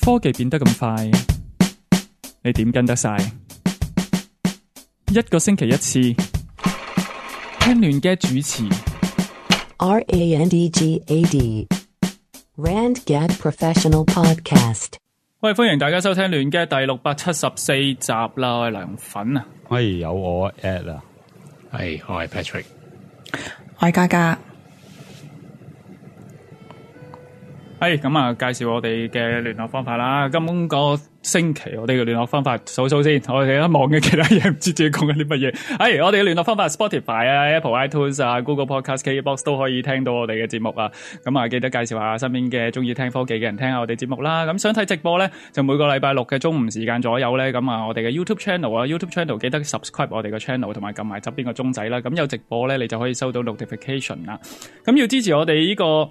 科技變得咁快，你點跟得晒？一個星期一次，聽亂嘅主持。R A N D G A D Rand Gad Professional Podcast。喂，歡迎大家收聽亂嘅第六百七十四集啦，涼粉啊！哎，有我 at 啦，係、哎、我係 Patrick，我係嘉嘉。誒，咁啊，介紹我哋嘅聯絡方法啦。今個星期我哋嘅聯絡方法數數先。我哋而家忙嘅其他嘢，唔知自己講緊啲乜嘢。誒、hey，我哋嘅聯絡方法，Spotify 啊，Apple iTunes 啊，Google Podcast，KBox 都可以聽到我哋嘅節目啊。咁啊，記得介紹下身邊嘅中意聽科技嘅人聽下我哋節目啦。咁想睇直播咧，就每個禮拜六嘅中午時間左右咧。咁啊，我哋嘅 YouTube Channel 啊，YouTube Channel 記得 subscribe 我哋嘅 channel，同埋撳埋側邊個鐘仔啦。咁有直播咧，你就可以收到 notification 啦。咁要支持我哋呢、這個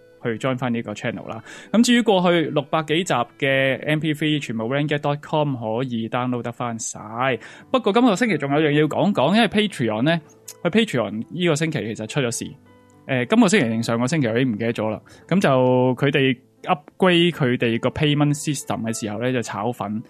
去 join 翻呢個 channel 啦。咁至於過去六百幾集嘅 MP3 全部 ranget.com 可以 download 得翻晒。不過今個星期仲有樣嘢要講講，因為 Patreon 咧，佢 Patreon 呢個星期其實出咗事。誒、呃，今個星期定上個星期，我已經唔記得咗啦。咁就佢哋 upgrade 佢哋個 payment system 嘅時候咧，就炒粉。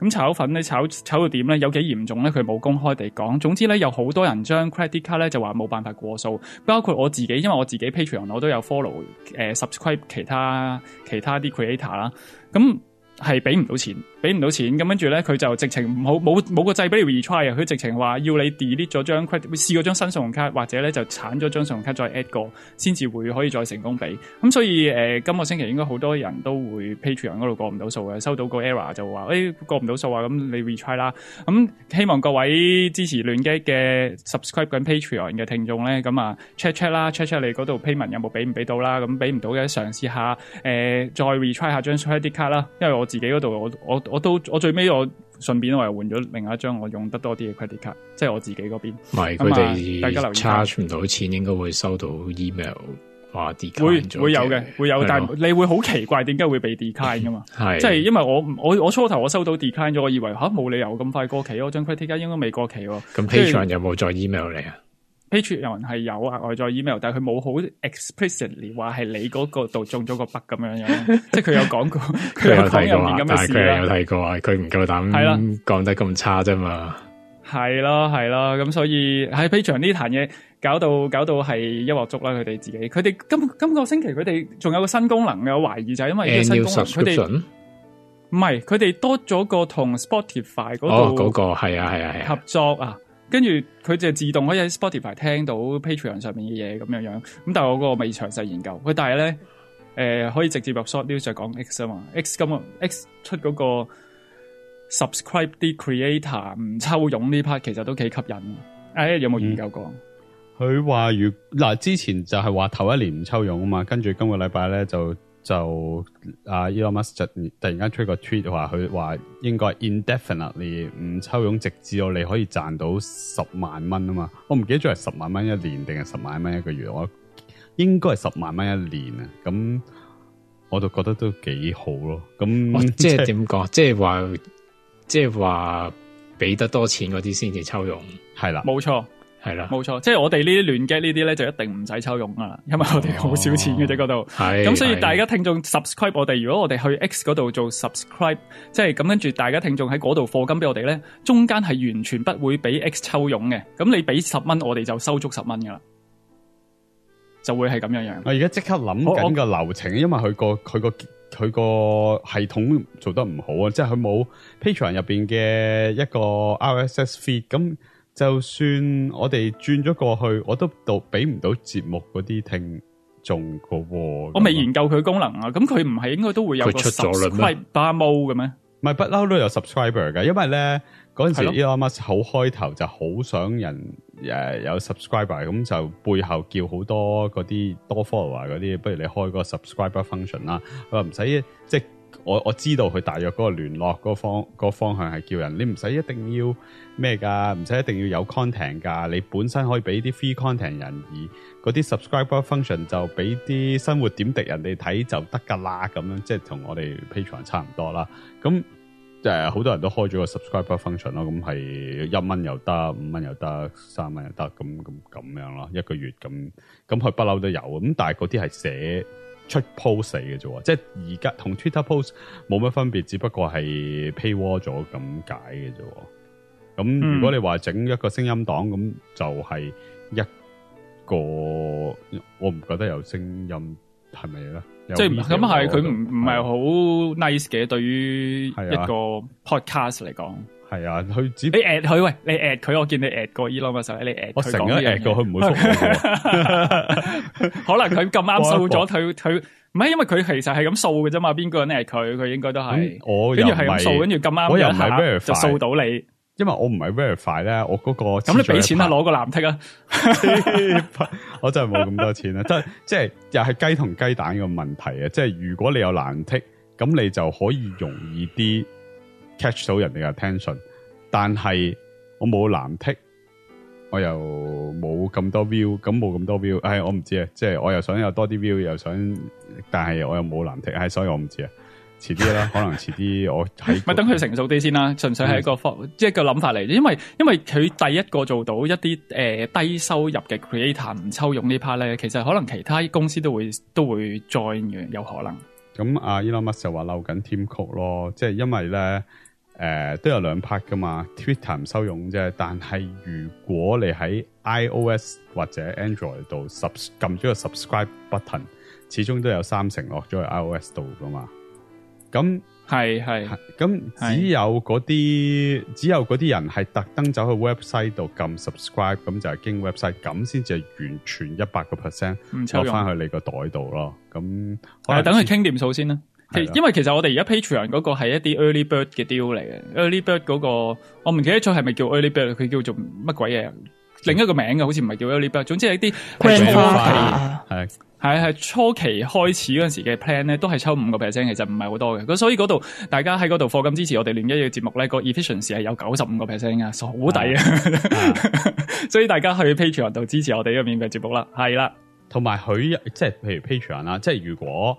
咁炒粉咧，炒炒到點咧？有幾嚴重咧？佢冇公開地講。總之咧，有好多人將 credit card 咧就話冇辦法過數。包括我自己，因為我自己 Patreon，我都有 follow、呃、subscribe 其他其他啲 creator 啦。咁係俾唔到錢。俾唔到錢，咁跟住咧，佢就直情冇冇冇個掣，俾你 retry，佢直情話要你 delete 咗張 credit，試過張新信用卡或者咧就鏟咗張信用卡再 add 過，先至會可以再成功俾。咁、嗯、所以誒，今、呃這個星期應該好多人都會 Patreon 嗰度過唔到數嘅，收到個 error 就話誒、哎、過唔到數啊，咁你 retry 啦。咁、嗯、希望各位支持亂 gad 嘅 subscribe 緊 Patreon 嘅聽眾咧，咁啊 check check 啦，check check 你嗰度 payment 有冇俾唔俾到啦，咁俾唔到嘅嘗試下、呃、再 retry 下張 credit 卡啦，因為我自己嗰度我我。我我都我最尾我順便我又換咗另外一張我用得多啲嘅 credit card，即係我自己嗰邊。唔係佢哋 charge 唔到錢，應該會收到 email 話跌。會會有嘅，會有，但係你會好奇怪點解會被 decline 噶嘛？係即係因為我我我初頭我收到 decline 咗，我以為吓冇、啊、理由咁快過期咯，張 credit card 應該未過期、啊。咁 Patreon 有冇再 email 你啊？Patreon 係有啊，外在 email，但係佢冇好 explicitly 話係你嗰個度中咗個 bug 咁樣樣，即係佢有講過，佢講入面咁嘅事但佢有睇過啊，佢唔夠膽講得咁差啫嘛。係咯係咯，咁所以喺 Patreon 呢壇嘢搞到搞到係一鑊粥啦，佢哋自己。佢哋今今個星期佢哋仲有個新功能嘅，我懷疑就係因為新功能，佢哋唔係佢哋多咗個同 Spotify 嗰、oh, 那個嗰個係啊係合作啊。跟住佢就自動可以喺 Spotify 聽到 Patreon 上面嘅嘢咁樣樣，咁但係我個未詳細研究佢，但係咧誒可以直接入 short news 就講 X 啊嘛，X 今個 X 出嗰個 subscribe 啲 creator 唔抽傭呢 part 其實都幾吸引，哎有冇研究過？佢話如嗱之前就係話頭一年唔抽傭啊嘛，跟住今個禮拜咧就。就阿 Elon Musk 突然間出個 tweet 話佢話應該 indefinitely 唔抽佣直至到你可以賺到十萬蚊啊嘛，我唔記得咗係十萬蚊一年定係十萬蚊一個月，我應該係十萬蚊一年啊，咁我就覺得都幾好咯，咁即係點講，即係話 即係話俾得多錢嗰啲先至抽佣，係啦，冇錯。係啦，冇錯，即係我哋呢啲亂 gad 呢啲咧，就一定唔使抽佣噶啦，因為我哋好少錢嘅啫嗰度。係、哦、咁，所以大家聽眾 subscribe 我哋，如果我哋去 X 嗰度做 subscribe，即係咁跟住大家聽眾喺嗰度課金俾我哋咧，中間係完全不會俾 X 抽佣嘅。咁你俾十蚊，我哋就收足十蚊噶啦，就會係咁樣樣。我而家即刻諗緊個流程，哦、因為佢個佢個佢個系統做得唔好啊，即係佢冇 Patreon 入邊嘅一個 RSS feed 咁。就算我哋轉咗過去，我都到俾唔到節目嗰啲聽眾個。我未研究佢功能啊，咁佢唔係應該都會有個 subscriber 嘅咩？唔係不嬲都有 subscriber 嘅，因為咧嗰陣時呢 Musk 好開頭就好想人誒有 subscriber，咁就背後叫好多嗰啲多 follower 嗰啲，不如你開個 subscriber function 啦，佢話唔使即我我知道佢大約嗰個聯絡個方、嗰個、方向係叫人，你唔使一定要咩噶，唔使一定要有 content 噶，你本身可以俾啲 free content 人而嗰啲 subscriber function 就俾啲生活點滴人哋睇就得噶啦，咁樣即係同我哋 Patreon 差唔多啦。咁、呃、好多人都開咗個 subscriber function 咯，咁係一蚊又得，五蚊又得，三蚊又得，咁咁咁樣咯，一個月咁咁佢不嬲都有，咁但係啲係寫出 post 嚟嘅啫，即係而家同 Twitter post 冇乜分別，只不過係 paywall 咗咁解嘅啫。咁如果你話整一個聲音檔，咁、嗯、就係一個我唔覺得有聲音，係咪啦？即係咁係，佢唔唔係好 nice 嘅，對於、nice、一個 podcast 嚟講。係啊，佢只你 at 佢，喂，你 at 佢，我見你 at 過 Elon 嘅時候，你 at 我成日 at 過，佢唔會掃 可能佢咁啱掃咗佢，佢唔係因為佢其實係咁掃嘅啫嘛。邊個人 at 佢，佢應該都係、嗯。我跟住係咁掃，跟住咁啱我又一下就掃到你。因為我唔係 verify 咧，我嗰個，咁你俾錢啊，攞個藍剔啊！ 我真係冇咁多錢啊。即係即係又係雞同雞蛋嘅問題啊！即係如果你有藍剔，咁你就可以容易啲，catch 到人哋嘅 attention，但係我冇藍剔，我又冇咁多 view，咁冇咁多 view，唉、哎，我唔知啊，即、就、係、是、我又想有多啲 view，又想，但係我又冇藍剔，唉、哎，所以我唔知啊，遲啲啦， 可能遲啲我喺咪 等佢成熟啲先啦，純粹係一個方，即一個諗法嚟，因為因為佢第一個做到一啲誒、呃、低收入嘅 creator 唔抽佣呢 part 咧，其實可能其他公司都會都會 join 嘅，有可能。咁啊，Elon Musk 就話留緊 team 曲咯，即係因為咧。誒、呃，都有兩 part 噶嘛，Twitter 唔收用啫。但係如果你喺 iOS 或者 Android 度 s 撳咗個 subscribe button，始終都有三成落咗去 iOS 度噶嘛。咁係係，咁只有嗰啲只有嗰啲人係特登走去 website 度撳 subscribe，咁就係經 website 咁先至完全一百個 percent 落翻去你個袋度咯。咁，我等佢傾掂數先啦。因為其實我哋而家 Patreon 嗰個係一啲 early bird 嘅 deal 嚟嘅，early bird 嗰、嗰個我唔記得咗係咪叫 early bird，佢叫做乜鬼嘢？另一個名嘅好似唔係叫 early bird，總之係一啲 plan 嘅期係係係初期開始嗰陣時嘅 plan 咧，都係抽五個 percent，其實唔係好多嘅。咁所以嗰度大家喺嗰度課金支持我哋連一嘅節目咧，個 efficiency 係有九十五個 percent 噶，好抵啊！ 所以大家去 Patreon 度支持我哋呢個免費節目啦，係啦。同埋佢，即係譬如 Patreon 啦，即係如果。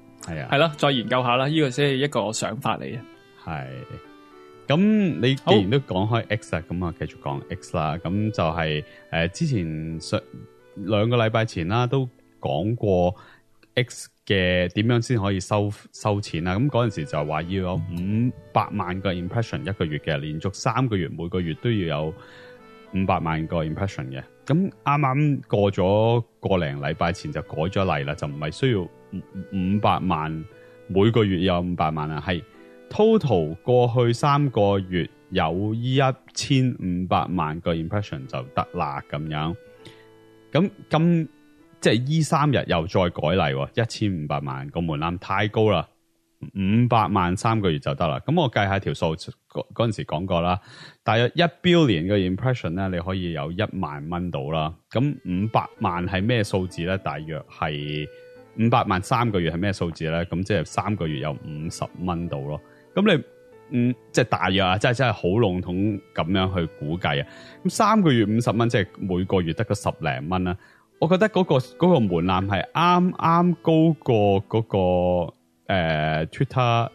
係啊，係咯，啊，再研究下啦，呢，呢個先係一個想法嚟嘅。係，咁你既然都講開 X 啊，咁啊繼續講 X 啦。咁就係、係、誒、呃，之前上兩個禮拜前啦，啊，都講過 X 嘅點樣先可以收收錢啦，啊。咁嗰陣時就話要有五百萬個 impression 一個月嘅，連續三個月每個月都要有五百萬個 impression 嘅。咁啱啱過咗個零禮拜前就改咗例啦，就唔係需要，五百萬每個月有五百萬啊，係 total 過去三個月有一千五百萬個 impression 就得啦，咁樣咁咁即係依三日又再改例，一千五百萬個門檻太高啦，五百萬三個月就得啦。咁我計下條數，嗰嗰陣時講過啦，大約一 billion 個 impression 呢，你可以有一萬蚊到啦。咁五百萬係咩數字呢？大約係。五百萬三個月係咩數字咧？咁即係三個月有五十蚊到咯。咁你嗯，即係大約啊，即係真係好籠統咁樣去估計啊。咁三個月五十蚊，即係每個月得個十零蚊啦。我覺得嗰個嗰個門檻係啱啱高過嗰個誒 Twitter。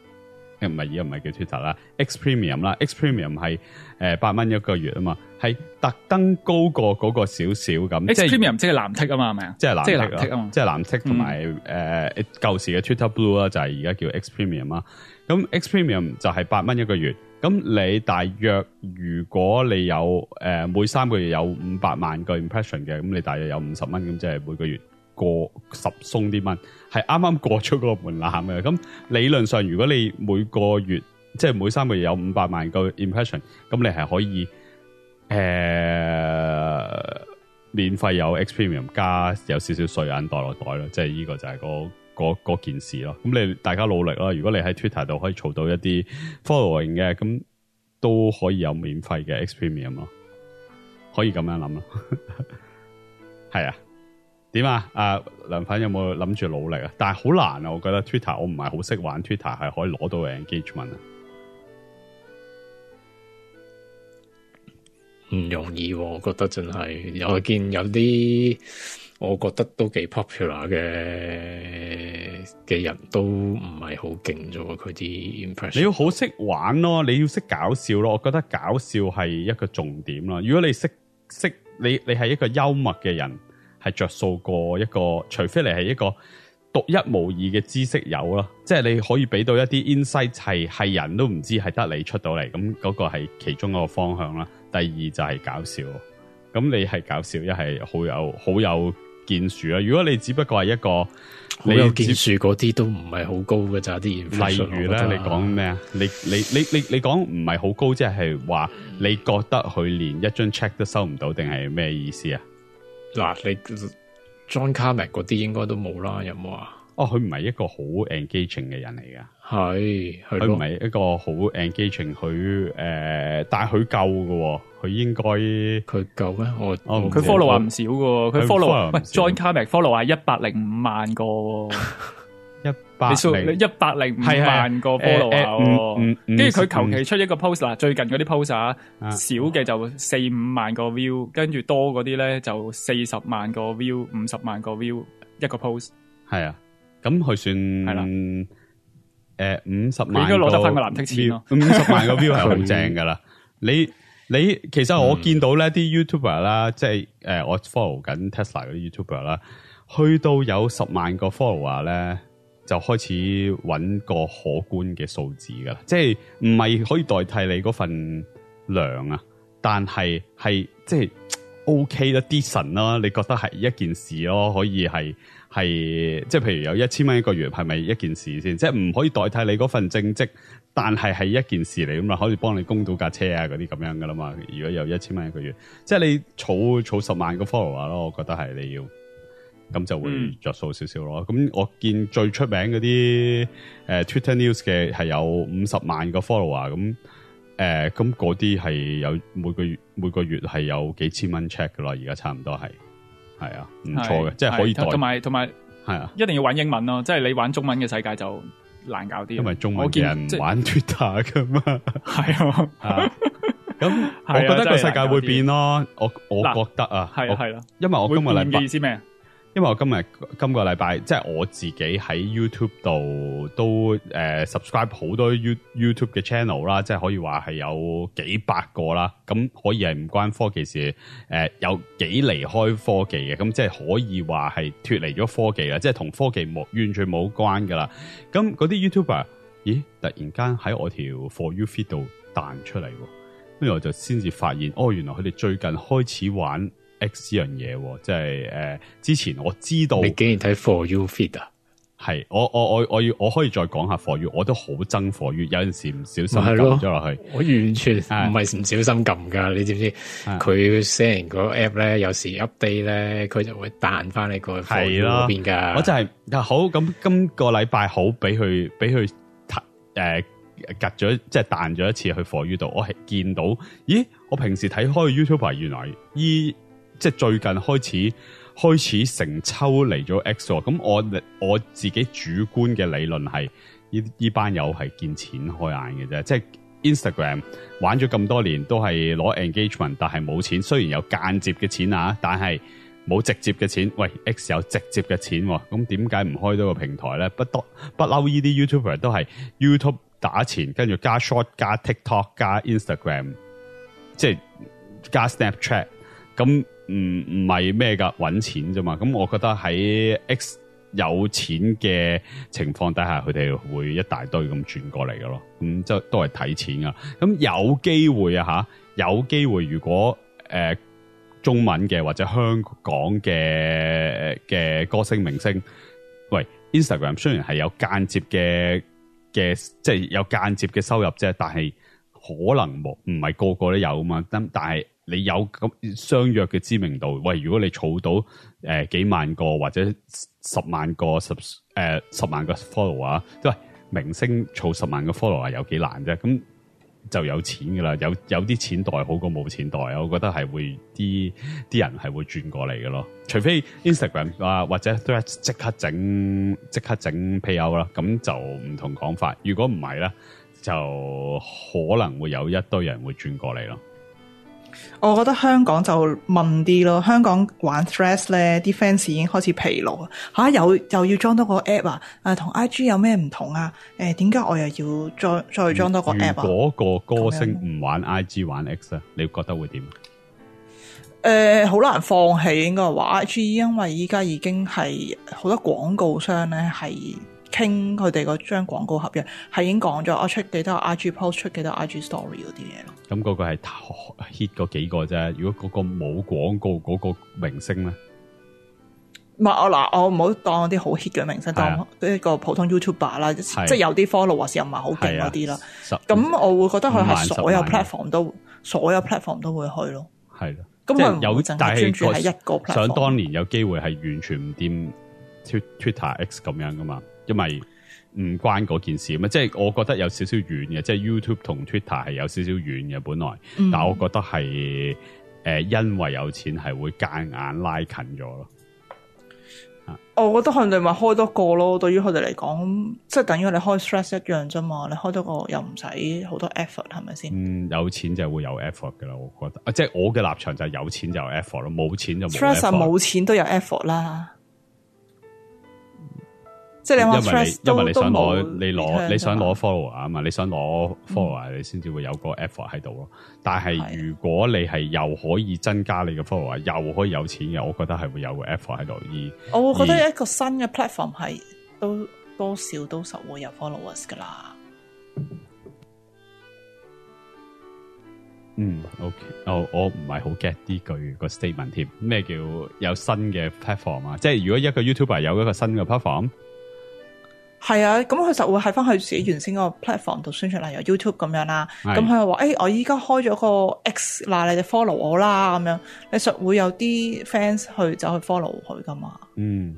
唔係，而家唔係叫 Twitter 啦，X Premium 啦，X Premium 係誒八蚊一個月啊嘛，係特登高過嗰個少少咁。X Premium 即係藍剔啊嘛，係咪啊？即係藍剔啊嘛，即係藍剔同埋誒舊時嘅 Twitter Blue 啦，就係而家叫 X Premium 啦。咁 X Premium 就係八蚊一個月。咁你大約如果你有誒、呃、每三個月有五百萬個 impression 嘅，咁你大約有五十蚊，咁即係每個月過十鬆啲蚊。係啱啱過咗個門檻嘅，咁理論上如果你每個月即係、就是、每三個月有五百萬個 impression，咁你係可以誒、呃、免費有 x premium 加有少少稅銀袋落袋咯，即係呢個就係嗰、那個、件事咯。咁你大家努力啦，如果你喺 Twitter 度可以做到一啲 following 嘅，咁都可以有免費嘅 x premium 咯，可以咁樣諗咯，係 啊。點啊？阿、呃、梁粉有冇諗住努力啊？但係好難啊！我覺得 Twitter 我唔係好識玩 Twitter，係可以攞到嘅 engagement 啊，唔容易，啊。我覺得真係、嗯，我見有啲我覺得都幾 popular 嘅嘅人都唔係好勁咗。佢啲 impression 你要好識玩咯，你要識搞笑咯。我覺得搞笑係一個重點咯。如果你識識你你係一個幽默嘅人。係著數過一個，除非你係一個獨一無二嘅知識友啦，即係你可以俾到一啲 insight，係係人都唔知係得你出到嚟，咁嗰個係其中一個方向啦。第二就係搞笑，咁你係搞笑一係好有好有建樹啦。如果你只不過係一個好有建樹，嗰啲都唔係好高噶咋啲。現例如咧， 你講咩啊？你你你你你講唔係好高，即係話你覺得佢連一張 check 都收唔到，定係咩意思啊？嗱，你 John Carmack 嗰啲應該都冇啦，有冇啊？哦，佢唔係一個好 engaging 嘅人嚟噶，係佢唔係一個好 engaging，佢誒、呃，但係佢夠嘅，佢應該佢夠咩？我佢、哦、follow 話唔少嘅喎，佢 follow 唔 John Carmack follow 係一百零五萬個。 一百零一百零五萬個 follower，跟住佢求其出一個 post 嗱，最近嗰啲 post 啊，少嘅就四五萬個 view，跟住多嗰啲咧就四十萬個 view，五十萬個 view 一個 post。係啊，咁佢算係啦，誒，五十萬應該攞得翻個藍剔錢咯。五十萬個 view 係好正噶啦，你你其實我見到咧啲 YouTuber 啦，即係誒我 follow 緊 Tesla 嗰啲 YouTuber 啦，去到有十萬個 follower 咧。就開始揾個可觀嘅數字噶啦，即係唔係可以代替你嗰份糧啊？但係係即係 OK 啦，啲神啦，你覺得係一件事咯，可以係係即係譬如有一千蚊一個月，係咪一件事先？即係唔可以代替你嗰份正職，但係係一件事嚟咁啊，可以幫你供到架車啊嗰啲咁樣噶啦嘛。如果有一千蚊一個月，即係你儲儲十萬個 follower 咯，我覺得係你要。.咁就會着數少少咯。咁、嗯、我見最出名嗰啲誒 Twitter news 嘅係有五十萬個 follower 咁誒，咁嗰啲係有每個月每個月係有幾千蚊 check 噶咯。而家差唔多係係啊，唔錯嘅，即係可以代。同埋同埋係啊，一定要玩英文咯、哦。即、就、係、是、你玩中文嘅世界就難搞啲。因為中文嘅人見玩、就是、玩 Twitter 噶嘛，係啊。咁、 啊啊啊、我覺得個世界會變咯。我我覺得啊，係啊係啦、啊。因為我今日嚟嘅意思咩？因為我今日今個禮拜，即係我自己喺 YouTube 度都誒 subscribe 好多 you, YouTube 嘅 channel 啦，即係可以話係有幾百個啦。咁可以係唔關科技事，誒、呃、有幾離開科技嘅，咁即係可以話係脱離咗科技啦，即係同科技冇完全冇關噶啦。咁嗰啲 YouTuber，咦突然間喺我條 For You Feed 度彈出嚟，跟住我就先至發現，哦原來佢哋最近開始玩。X 樣樣嘢，即係誒，之前我知道你竟然睇 For You feed 啊？係我我我我要我可以再講下 For You，我都好憎 For You，有陣時唔小心撳咗落去。我完全唔係唔小心撳噶、啊，你知唔知？佢 send 個 app 咧，有時 update 咧，佢就會彈翻你個 For You 嗰邊噶。我就係、是、嗱好，咁今個禮拜好俾佢俾佢誒隔咗，即係彈咗一次去 For You 度，我係見到，咦？我平時睇開 YouTuber 原來即係最近開始開始成抽嚟咗 X 喎，咁我我自己主觀嘅理論係呢呢班友係見錢開眼嘅啫，即係 Instagram 玩咗咁多年都係攞 engagement，但係冇錢，雖然有間接嘅錢啊，但係冇直接嘅錢。喂，X 有直接嘅錢，咁點解唔開多個平台咧？不多不嬲呢啲 YouTuber 都係 YouTube 打錢，跟住加 short 加 TikTok 加 Instagram，即係加 Snapchat 咁。唔唔係咩噶？搵錢啫嘛。咁我覺得喺 X 有錢嘅情況底下，佢哋會一大堆咁轉過嚟噶咯。咁即都係睇錢噶。咁有機會啊吓，有機會如果誒、呃、中文嘅或者香港嘅嘅歌星明星，喂，Instagram 雖然係有間接嘅嘅，即係、就是、有間接嘅收入啫，但係可能喎，唔係個個都有啊嘛。咁但係。但你有咁相約嘅知名度，喂！如果你儲到誒、呃、幾萬個或者十萬個十誒、呃、十萬個 follower 啊，都係明星儲十萬個 follower 有幾難啫？咁就有錢噶啦，有有啲錢袋好過冇錢袋啊！我覺得係會啲啲人係會轉過嚟嘅咯，除非 Instagram 啊或者 Threads 即刻整即刻整 PO 啦，咁就唔同講法。如果唔係咧，就可能會有一堆人會轉過嚟咯。我覺得香港就悶啲咯，香港玩 Threads 咧，啲 fans 已經開始疲勞。吓、啊，又又要裝多個 app 啊，誒、啊，同 IG 有咩唔同啊？誒、啊，點解我又要再再裝多個 app 啊？嗰個歌星唔玩 IG 玩 X 啊，你覺得會點？誒、呃，好難放棄應該話 IG，因為依家已經係好多廣告商咧係。傾佢哋個張廣告合約係已經講咗，我出幾多 I G post，出幾多 I G story 嗰啲嘢咯。咁、嗯、嗰、嗰個係 hit 嗰幾個啫。如果嗰個冇廣告嗰個明星咧，唔係我嗱，我唔好當啲好 hit 嘅明星，當一個普通 YouTuber 啦，啊、即係有啲 follow，或者又唔係好勁嗰啲啦。咁、啊、我會覺得佢係所有 platform 都萬萬的，所有 platform 都會去咯。係咯、啊，咁啊有陣完全係一個 platform。想當年有機會係完全唔掂 Twitter X 咁樣噶嘛？因為唔關嗰件事嘛，即、就、係、是、我覺得有少少遠嘅，即、就、係、是、YouTube 同 Twitter 係有少少遠嘅本來，嗯、但係我覺得係誒、呃，因為有錢係會夾硬,硬拉近咗咯。啊、我覺得可能你咪開多個咯，對於佢哋嚟講，即係等於你開 Threads 一樣啫嘛，你開多個又唔使好多 effort，係咪先？嗯，有錢就會有 effort 噶啦，我覺得，啊，即係我嘅立場就係有錢就有 effort 咯，冇錢就冇。Threads 冇錢都有 effort 啦。即係你，因為你想攞你攞你想攞 follower 啊嘛，你，你想攞 follower，嗯，你先至會有個 effort 喺度咯。但係如果你係又可以增加你嘅 follower，又可以有錢嘅，我覺得係會有個 effort 喺度。我會覺得一個新嘅 platform 係都多少都實會有 followers 噶啦，嗯。嗯，OK，我我唔係好 get 呢句個 statement 添。咩叫有新嘅 platform 啊？即係如果一個 YouTuber 有一個新嘅 platform。係啊，咁佢實會喺翻佢自己原先嗰個 platform 度宣傳，例如 YouTube 咁樣啦。咁佢又話：誒、欸，我依家開咗個 X 嗱，你哋 follow 我啦，咁樣你實會有啲 fans 去走去 follow 佢噶嘛？嗯，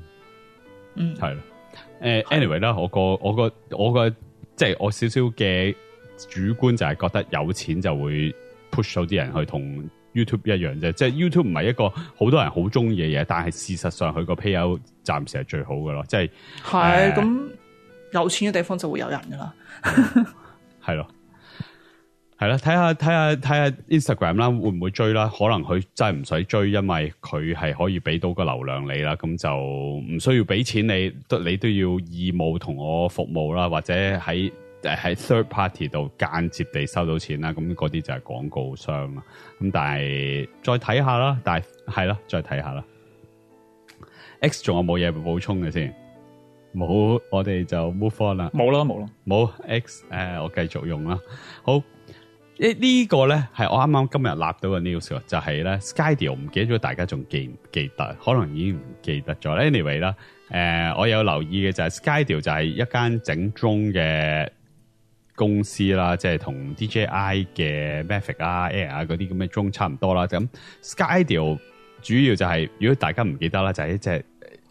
嗯，係咯、啊。誒、呃、，anyway 啦，我個我個、就是、我個即係我少少嘅主觀就係覺得有錢就會 push 到啲人去同 YouTube 一樣啫。即、就、係、是、YouTube 唔係一個好多人好中意嘅嘢，但係事實上佢個 payout 暫時係最好噶咯。即係係咁。有錢嘅地方就會有人噶啦 ，係咯，係啦，睇下睇下睇下 Instagram 啦，會唔會追啦？可能佢真係唔使追，因為佢係可以俾到個流量你啦，咁就唔需要俾錢你，你都你都要義務同我服務啦，或者喺喺 third party 度間接地收到錢啦，咁嗰啲就係廣告商啦。咁但係再睇下啦，但係係啦，再睇下啦。X 仲有冇嘢會補充嘅先？冇，我哋就 move on 啦。冇啦冇咯，冇 X，誒、uh,，我繼續用啦。好，這個、呢呢個咧係我啱啱今日立到嘅 news 啊，就係咧 Skydio 唔記得咗，大家仲記唔記得？可能已經唔記得咗。Anyway 啦，誒，我有留意嘅就係 Skydio 就係一間整 drone 嘅公司啦，即係同 DJI 嘅 Mavic 啊 Air 啊嗰啲咁嘅 drone 差唔多啦。咁 Skydio 主要就係、是、如果大家唔記得啦，就係、是、一隻。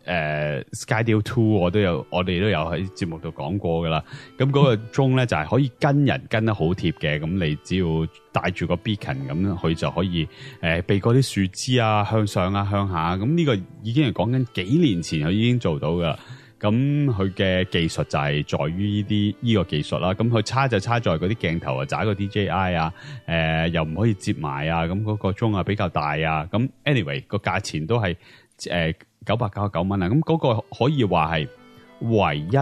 Uh, Skydio Two 我都有，我哋都有喺節目度講過噶啦。咁、那、嗰個鐘咧 就係可以跟人跟得好貼嘅，咁你只要帶住個 Beacon 咁，佢就可以誒、呃、避過啲樹枝啊、向上啊、向下、啊。咁呢個已經係講緊幾年前佢已經做到噶。咁佢嘅技術就係在於呢啲呢個技術啦。咁佢差就差在嗰啲鏡頭啊，揸個 DJI 啊，誒、呃、又唔可以接埋啊。咁、那、嗰個鐘啊比較大啊。咁 anyway 那個價錢都係。誒九百九十九蚊啊！咁、那、嗰個可以話係唯一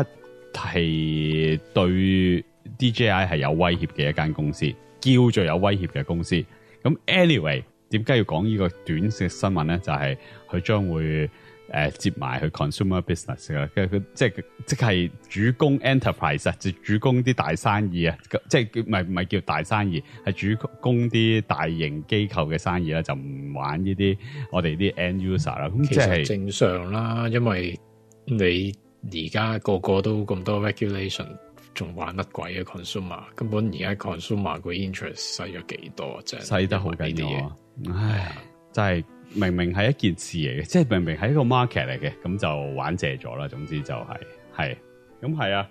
係對 DJI 係有威脅嘅一間公司，叫做有威脅嘅公司。咁 anyway，點解要講呢個短息新聞咧？就係、是、佢將會。誒，接埋去 consumer business 啦，跟住佢即係即係主攻 enterprise 啊，即係主攻啲大生意啊，即係唔係唔係叫大生意，係主攻啲大型機構嘅生意啦，就唔玩呢啲我哋啲 end user 啦。咁即係正常啦，因為你而家個個都咁多 regulation，仲、嗯、玩乜鬼啊？consumer 根本而家 consumer 個 interest 細咗幾多啊？真係細得好緊要，唉，真係。明明係一件事嚟嘅，即係明明係一個 market 嚟嘅，咁就玩謝咗啦。總之就係、是、係，咁係啊，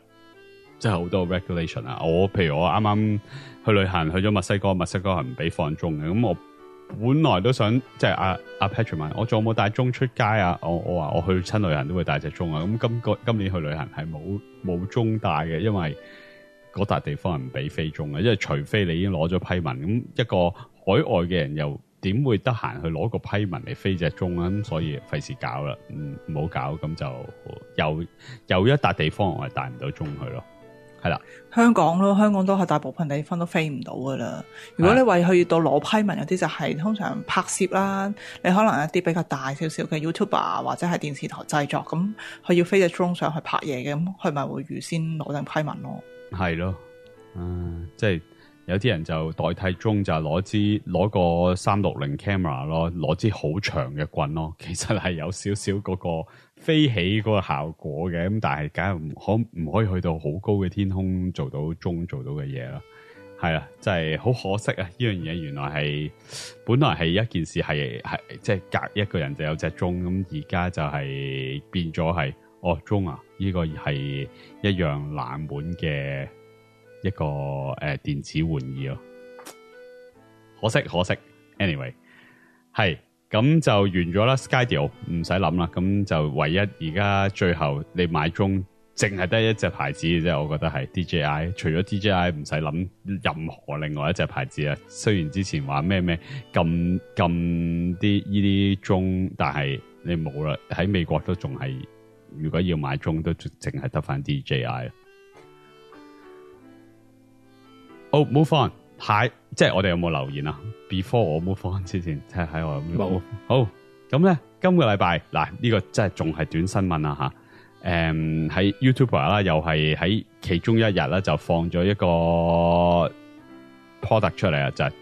即係好多 regulation 啊！我譬如我啱啱去旅行，去咗墨西哥，墨西哥係唔俾放鐘嘅。咁我本來都想即係、就、阿、是、阿、啊啊、Patrick，我仲有冇帶鐘出街啊？我我話我去親旅行都會帶隻鐘啊。咁今個今年去旅行係冇冇鐘帶嘅，因為嗰笪地方係唔俾飛鐘嘅，即係除非你已經攞咗批文。咁一個海外嘅人又。點會得閒去攞個批文嚟飛隻鐘啊？咁所以費事搞啦，嗯、唔好搞，咁就又又一笪地方我係帶唔到鐘去咯，係啦，香港咯，香港都係大部分地方都飛唔到噶啦。如果你話去到攞批文，啊、有啲就係、是、通常拍攝啦，你可能一啲比較大少少嘅 YouTuber 或者係電視台製作，咁佢要飛隻鐘上去拍嘢嘅，咁佢咪會預先攞定批文咯。係咯，嗯，即係。有啲人就代替鐘就攞支攞個三六零 camera 咯，攞支好長嘅棍咯，其實係有少少嗰個飛起嗰個效果嘅，咁但係梗係唔可唔可以去到好高嘅天空做到鐘做到嘅嘢啦，係啊，真係好可惜啊！呢樣嘢原來係本來係一件事係係即係隔一個人就有隻鐘咁，而家就係變咗係哦鐘啊！呢個係一樣冷門嘅。一個誒、呃、電子玩意咯，哦，可惜可惜。Anyway，係咁就完咗啦。Skydio 唔使諗啦。咁就唯一而家最後你買鐘，淨係得一隻牌子嘅啫。我覺得係 DJI，除咗 DJI 唔使諗任何另外一隻牌子啊。雖然之前話咩咩咁咁啲呢啲鐘，但係你冇啦。喺美國都仲係，如果要買鐘都淨係得返 DJI。好、oh, move on，係即係我哋有冇留言啊？before 我 move on 之前，睇下我有冇好咁咧？今個禮拜嗱呢、這個真係仲係短新聞啊吓，誒、啊、喺 YouTube 啦，又係喺其中一日咧就放咗一個 product 出嚟啊，就係、是、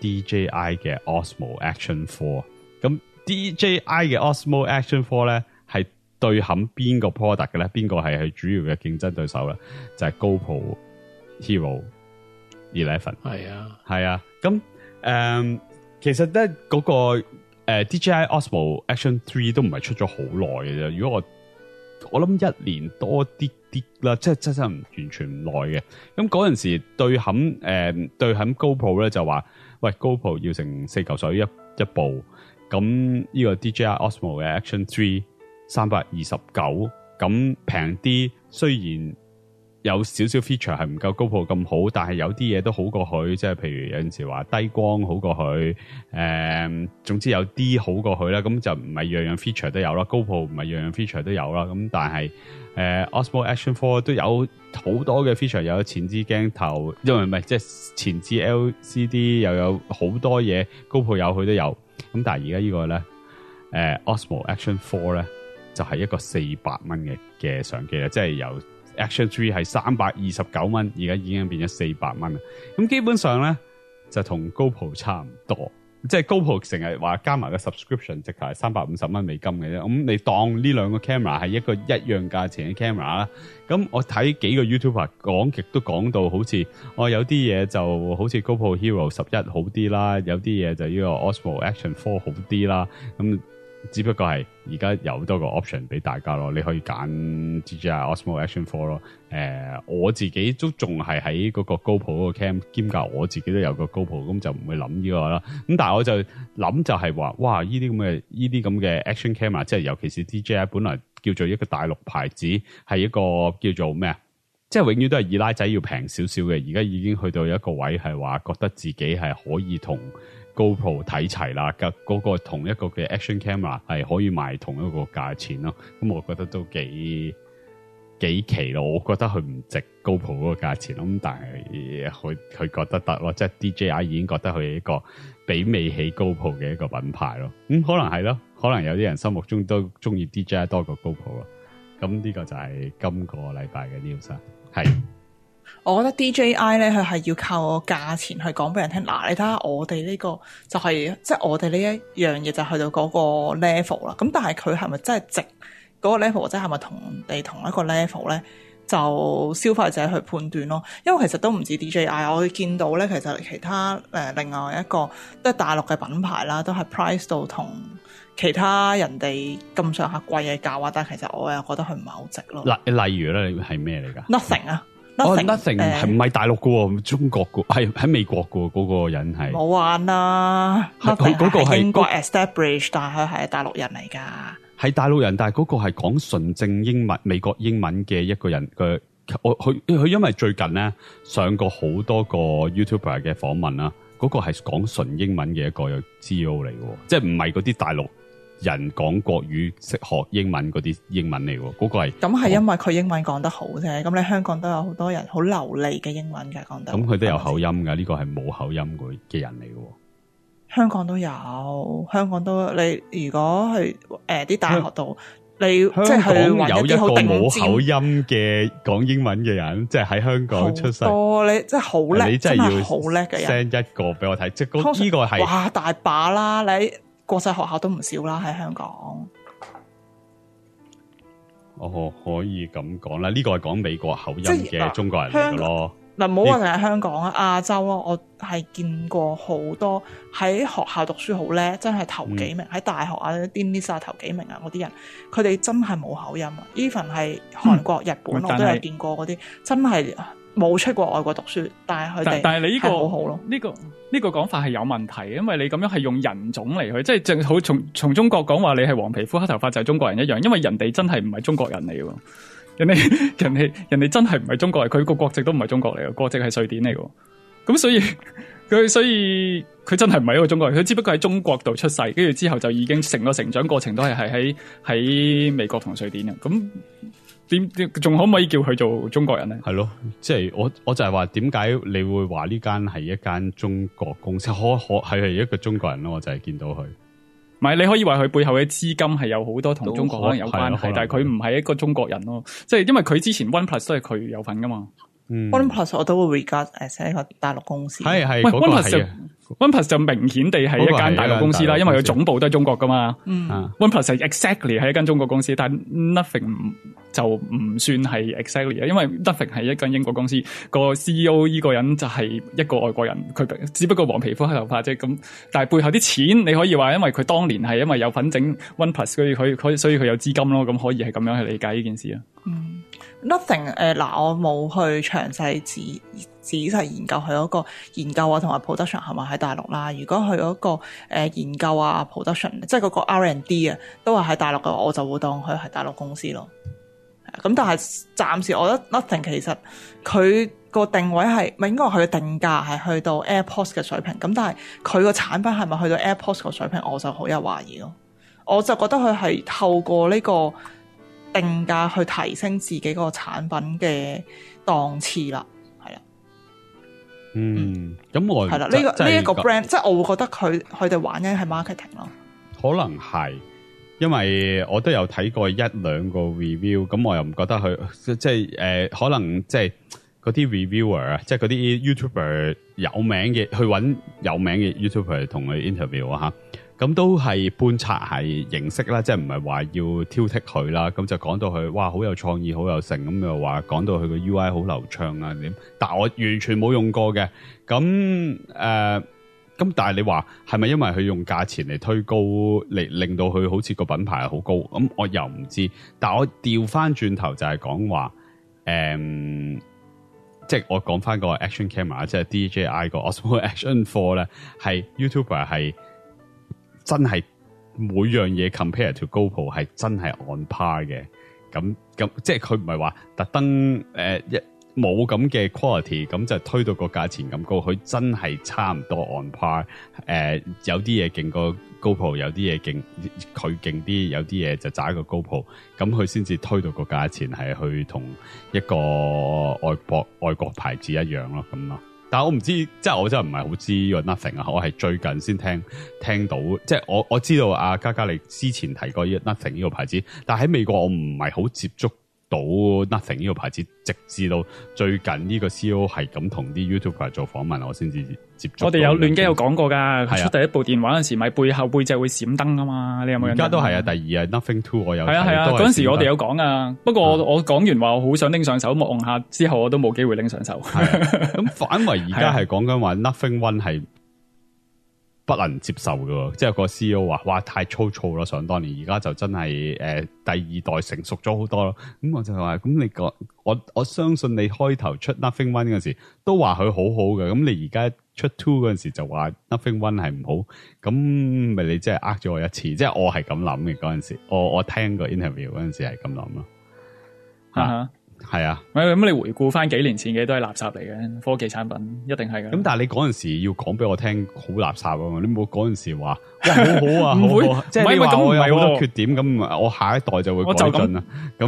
DJI 嘅 Osmo Action Four。咁 DJI 嘅 Osmo Action Four 咧係對撼邊個 product 嘅咧？邊個係佢主要嘅競爭對手咧？就係、是、GoPro Hero。eleven 係啊係啊，咁誒、嗯，其實咧嗰、那個誒、呃、，DJI Osmo Action Three 都唔係出咗好耐嘅啫。如果我我諗一年多啲啲啦，即係真係完全唔耐嘅。咁嗰陣時對撼誒、呃、對撼 GoPro 咧就話，喂 GoPro 要成四嚿水一一部，咁呢個 DJI Osmo 嘅 Action Three 三百二十九，咁平啲雖然。有少少 feature 係唔夠 GoPro 咁好，但係有啲嘢都好過佢，即係譬如有陣時話低光好過佢，呃，總之有啲好過佢啦。咁就唔係樣樣 feature 都有啦 ，GoPro 唔係樣樣 feature 都有啦。咁但係誒、呃、Osmo Action Four 都有好多嘅 feature，有前置鏡頭，因為唔係即係前置 LCD 又有好多嘢 ，GoPro 有佢都有。咁但係而家呢個咧，誒、呃、Osmo Action Four 咧就係、是、一個四百蚊嘅嘅相機啦，即係有。Action Three 係三百二十九蚊，而家已經變咗四百蚊啦。咁基本上咧就同 GoPro 差唔多，即係 GoPro 成日話加埋個 subscription 即係三百五十蚊美金嘅啫。咁你當呢兩個 camera 係一個一樣價錢嘅 camera 啦。咁我睇幾個 YouTuber 講極都講到好似，哦，有啲嘢，就好似 GoPro Hero 十一好啲啦，有啲嘢，就呢個 Osmo Action Four 好啲啦。咁只不過係而家有多個 option 俾大家咯，你可以揀 DJI Osmo Action 4咯。誒、呃，我自己都仲係喺嗰個 GoPro 個 cam 兼教，我自己都有個 GoPro，咁就唔會諗呢個啦。咁但係我就諗就係話，哇！呢啲咁嘅呢啲咁嘅 action camera，即係尤其是 DJI 本來叫做一個大陸牌子，係一個叫做咩啊？即係永遠都係二奶仔要平少少嘅，而家已經去到一個位係話，覺得自己係可以同。GoPro 睇齊啦，嗰、那個同一個嘅 Action Camera 係可以賣同一個價錢咯，咁我覺得都幾幾奇咯，我覺得佢唔值 GoPro 嗰個價錢咯，咁但係佢佢覺得得咯，即、就、係、是、DJI 已經覺得佢係一個比美起 GoPro 嘅一個品牌咯，咁、嗯、可能係咯，可能有啲人心目中都中意 DJI 多過 GoPro 咯，咁呢個就係今個禮拜嘅 news 啊，係。我覺得 DJI 咧，佢係要靠個價錢去講俾人聽。嗱、啊，你睇下我哋呢、這個就係、是，即係我哋呢一樣嘢就去到嗰個 level 啦。咁但係佢係咪真係值嗰、那個 level，或者係咪同你同一個 level 咧？就消費者去判斷咯。因為其實都唔止 DJI，我見到咧，其實其他誒另外一個即係大陸嘅品牌啦，都係 price 到同其他人哋咁上下貴嘅價啊，但係其實我又覺得佢唔係好值咯。嗱，例如咧你係咩嚟噶？Nothing 啊。哦，Notting 係唔係大陸嘅？中國嘅係喺美國嘅嗰、那個人係冇玩啦。佢嗰個係國 establish，但係佢係大陸人嚟噶。係大陸人，但係嗰個係講純正英文、美國英文嘅一個人嘅。我佢佢因為最近咧上過好多個 YouTuber 嘅訪問啦，嗰、那個係講純英文嘅一個 GEO 嚟嘅，即係唔係嗰啲大陸。人講國語識學英文嗰啲英文嚟喎，嗰個係咁係因為佢英文講得好啫。咁你香港都有好多人好流利嘅英文嘅講得。咁佢都有口音㗎，呢個係冇口音嘅人嚟嘅。香港都有，香港都你如果去誒啲大學度，你香港有一個冇口音嘅講英文嘅人，即係喺香港出世，多咧，即係好叻，真係要好叻嘅人。send 一個俾我睇，即係呢個係哇大把啦，你。國際學校都唔少啦，喺香港。哦，可以咁講啦，呢個係講美國口音嘅中國人嚟嘅咯。嗱，唔好話淨係香港啊，亞洲啊，我係見過好多喺學校讀書好叻，真係頭幾名喺、嗯、大學啊，啲尼莎頭幾名啊，嗰啲人，佢哋真係冇口音啊。Even 係韓國、嗯、日本，我都有見過嗰啲，真係。冇出過外國讀書，但係佢哋，但係你呢個好好咯，呢個呢個講法係有問題，因為你咁樣係用人種嚟，去，即係正好從從中國講話你係黃皮膚黑頭髮就係中國人一樣，因為人哋真係唔係中國人嚟嘅， 人哋人哋人哋真係唔係中國人，佢個國籍都唔係中國嚟嘅，國籍係瑞典嚟嘅，咁所以。 佢所以佢真係唔係一個中國人，佢只不過喺中國度出世，跟住之後就已經成個成長過程都係係喺喺美國同瑞典嘅。咁點點仲可唔可以叫佢做中國人咧？係咯，即係我我就係話點解你會話呢間係一間中國公司？可可係係一個中國人咯，我就係見到佢。唔係，你可以話佢背後嘅資金係有好多同中國可能有關係，但係佢唔係一個中國人咯。即係因為佢之前 OnePlus 都係佢有份㗎嘛。嗯、OnePlus 我都會 regard 一個大陸公，那個那個公司。係係，OnePlus 就明顯地係一間大陸公司啦，因為佢總部都係中國噶嘛。嗯啊、OnePlus 係 exactly 係一間中國公司，但 Nothing 就唔算係 exactly，因為 Nothing 係一間英國公司。個 C E O 呢個人就係一個外國人，佢只不過黃皮膚黑頭髮啫咁。但係背後啲錢，你可以話，因為佢當年係因為有份整 OnePlus，所以佢佢所以佢有資金咯，咁可以係咁樣去理解呢件事啊。嗯。Nothing 誒、呃、嗱，我冇去詳細仔仔細研究佢嗰個研究啊，同埋 production 係咪喺大陸啦？如果佢嗰個、呃、研究啊，production 即係嗰個 R&D 啊，都係喺大陸嘅話，我就會當佢係大陸公司咯。咁、嗯、但係暫時，我覺得 Nothing 其實佢個定位係咪應該佢嘅定價係去到 AirPods 嘅水平？咁但係佢個產品係咪去到 AirPods 嘅水平？我就好有懷疑咯。我就覺得佢係透過呢、這個。定價去提升自己個產品嘅檔次啦，係啦，嗯，咁我係啦，呢、這個呢一、這個 brand，即係我會覺得佢佢哋玩嘅係 marketing 咯，可能係，因為我都有睇過一兩個 review，咁我又唔覺得佢即係誒、呃，可能即係嗰啲 reviewer 啊，即係嗰啲 YouTuber 有名嘅去揾有名嘅 YouTuber 同佢 interview 吓。咁都係半係半察係形式啦，即係唔係話要挑剔佢啦。咁就講到佢，哇，好有創意，好有成。咁又話講到佢個 UI 好流暢啊點？但係我完全冇用過嘅。咁誒，咁、呃、但係你話係咪因為佢用價錢嚟推高，嚟令到佢好似個品牌好高？咁我又唔知。但係我調翻轉頭就係講話，誒、嗯，即、就、係、係、我講翻個 Action Camera，即係 DJI 個 Osmo Action Four 咧，係 YouTuber 係。真係每樣嘢 compare to GoPro 係真係 on par 嘅，咁咁即係佢唔係話特登，誒一冇咁嘅 quality，咁就推到個價錢咁高，佢真係差唔多 on par，呃。誒，有啲嘢勁過 GoPro，有啲嘢勁佢勁啲，有啲嘢就差個 GoPro，咁佢先至推到個價錢係去同一個外國外國牌子一樣咯，咁咯。但我唔知道，即係我真係唔係好知呢個 Nothing 啊！我係最近先聽聽到，即係我我知道啊嘉嘉你之前提過呢個 Nothing 呢個牌子，但係喺美國我唔係好接觸。到 Nothing 呢個牌子，直至到最近呢個 CEO 係咁同啲 YouTuber 做訪問，我先至接觸。我哋有亂機有講過噶，出第一部電話嗰時咪背後背脊會閃燈啊嘛，你有冇印象？而家都係啊，第二啊，Nothing Two 我有。係啊係啊，嗰陣時我哋有講噶，不過我我講完話，我好想拎上手摸下，之後我都冇機會拎上手。咁反為而家係講緊話 Nothing One 係。不能接受嘅，即係個 CEO 話，哇，太粗糙咯！想當年，而家就真係誒、呃、第二代成熟咗好多咯。咁我就話，咁你個我我相信你開頭出 Nothing One 嗰時候都話佢好好嘅，咁你而家出 Two 嗰陣時候就話 Nothing One 係唔好，咁咪你真係呃咗我一次，即、就、係、是、我係咁諗嘅嗰陣時，我我聽過 interview 嗰陣時係咁諗咯。啊 uh-huh. 係啊，咁你回顧翻幾年前嘅都係垃圾嚟嘅，科技產品一定係嘅。咁但係你嗰陣時要講俾我聽好垃圾啊嘛，你冇嗰陣時話， 好好啊，唔 會，唔係話我有好多缺點，咁我，我，我，我下一代就會改進咁，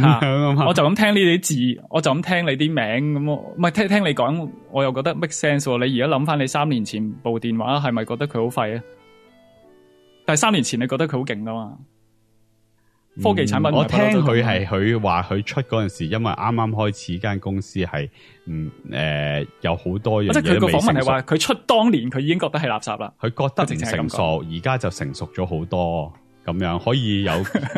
啊、我就咁聽呢啲字，我就咁聽你啲名咁，唔係聽聽你講，我又覺得 make sense 喎。你而家諗翻你三年前部電話係咪覺得佢好廢啊？但係三年前你覺得佢好勁噶嘛？科技產品、嗯，我聽佢係佢話佢出嗰陣時，因為啱啱開始間公司係，嗯，誒、呃，有好多嘢。即係佢個訪問係話，佢出當年佢已經覺得係垃圾啦，佢覺得唔成熟，而家就成熟咗好多。咁樣可以有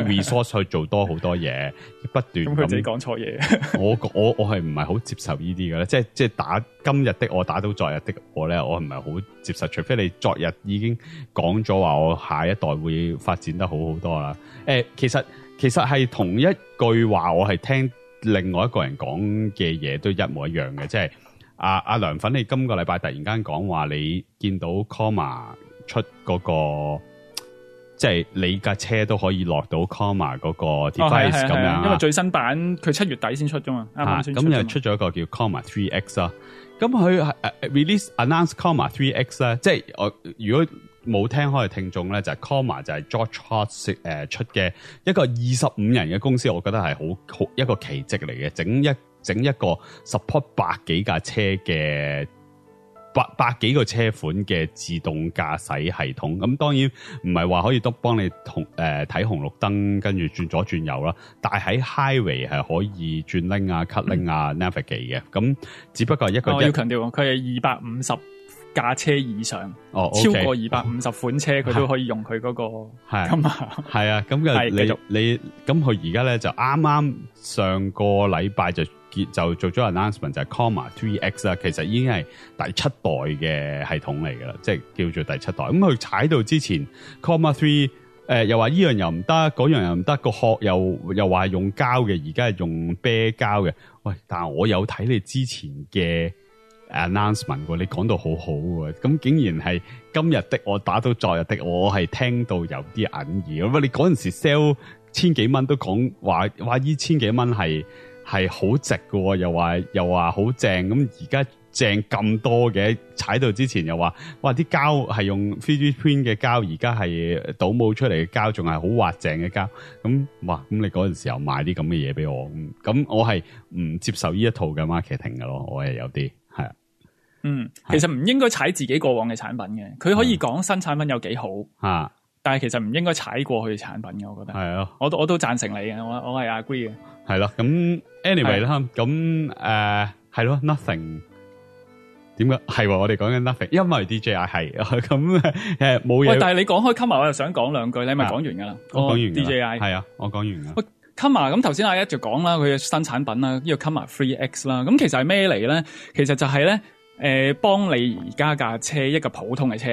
resource 去做多好多嘢， 不斷咁。佢自己講錯嘢，我我我係唔係好接受呢啲嘅咧？即係即係打今日的我打到昨日的我咧，我唔係好接受。除非你昨日已經講咗話，我下一代會發展得好好多啦。誒、欸，其實其實係同一句話，我係聽另外一個人講嘅嘢都一模一樣嘅。即係阿阿梁粉，你今個禮拜突然間講話你見到 comma 出嗰，那個。即係你架車都可以落到 comma 嗰個 device 咁、哦、樣，因為最新版佢七月底先出啫嘛，咁又出咗一個叫 comma three x 啦、啊。咁佢、uh, release announce comma three x 啦、啊，即係我如果冇聽開嘅聽眾咧，就係、是、comma 就係 George Hotz 出嘅一個二十五人嘅公司，我覺得係好好一個奇蹟嚟嘅，整一整一個 support 百幾架車嘅。百百幾個車款嘅自動駕駛系統，咁當然唔係話可以都幫你同誒睇紅綠燈，跟住轉左轉右啦。但喺 Highway 係可以轉拎啊、cut 拎啊、navigate 嘅。咁只不過係一個，我、哦、要強調，佢係二百五十架車以上，哦，okay, 超過二百五十款車，佢、嗯、都可以用佢嗰、那個係咁啊，係啊，咁嘅你你咁佢而家咧就啱啱上個禮拜就。就做咗 announcement 就係 comma three x 啦，其實已經係第七代嘅系統嚟噶啦，即係叫做第七代。咁、嗯、佢踩到之前 comma three，誒、呃、又話呢樣又唔得，嗰樣又唔得，個殼又又話用膠嘅，而家係用啤膠嘅。喂，但係我有睇你之前嘅 announcement，你講到好好嘅，咁竟然係今日的我打到昨日的我係聽到有啲礙耳。喂，你嗰陣時 sell 千幾蚊都講話話呢千幾蚊係。係好值嘅，又話又話好正。咁而家正咁多嘅踩到之前又話，哇！啲膠係用 3D print 嘅膠，而家係倒模出嚟嘅膠，仲係好滑淨嘅膠。咁哇，咁你嗰陣時候買啲咁嘅嘢俾我，咁我係唔接受呢一套嘅 marketing 嘅咯。我係有啲係啊。嗯，其實唔應該踩自己過往嘅產品嘅，佢可以講新產品有幾好啊。但係其實唔應該踩過去產品嘅，我覺得係啊。我都我都贊成你嘅，我我係 agree 嘅。係啦，咁 anyway 啦，咁誒係咯，nothing 點解係？我哋講緊 nothing，因為 DJI 係，咁誒冇嘢。但係你講開 comma，我又想講兩句，你咪講完噶啦。我講完 DJI 係啊，我講完啦。喂，comma 咁頭先阿一就講啦，佢嘅新產品啦，呢、這個 comma three X 啦，咁其實係咩嚟咧？其實就係、是、咧，誒、呃，幫你而家架車一個普通嘅車，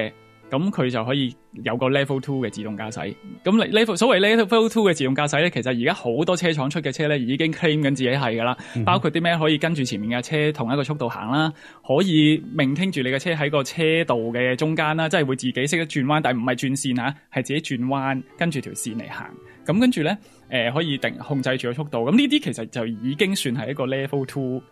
咁佢就可以。有個 level two 嘅自動駕駛，咁 level 所謂 level two 嘅自動駕駛咧，其實而家好多車廠出嘅車咧已經 claim 緊自己係㗎喇，包括啲咩可以跟住前面嘅車同一個速度行啦，可以命聽住你嘅車喺個車道嘅中間啦，即係會自己識得轉彎，但係唔係轉線吓、啊，係自己轉彎跟住條線嚟行，咁跟住咧誒可以定控制住個速度，咁呢啲其實就已經算係一個 level two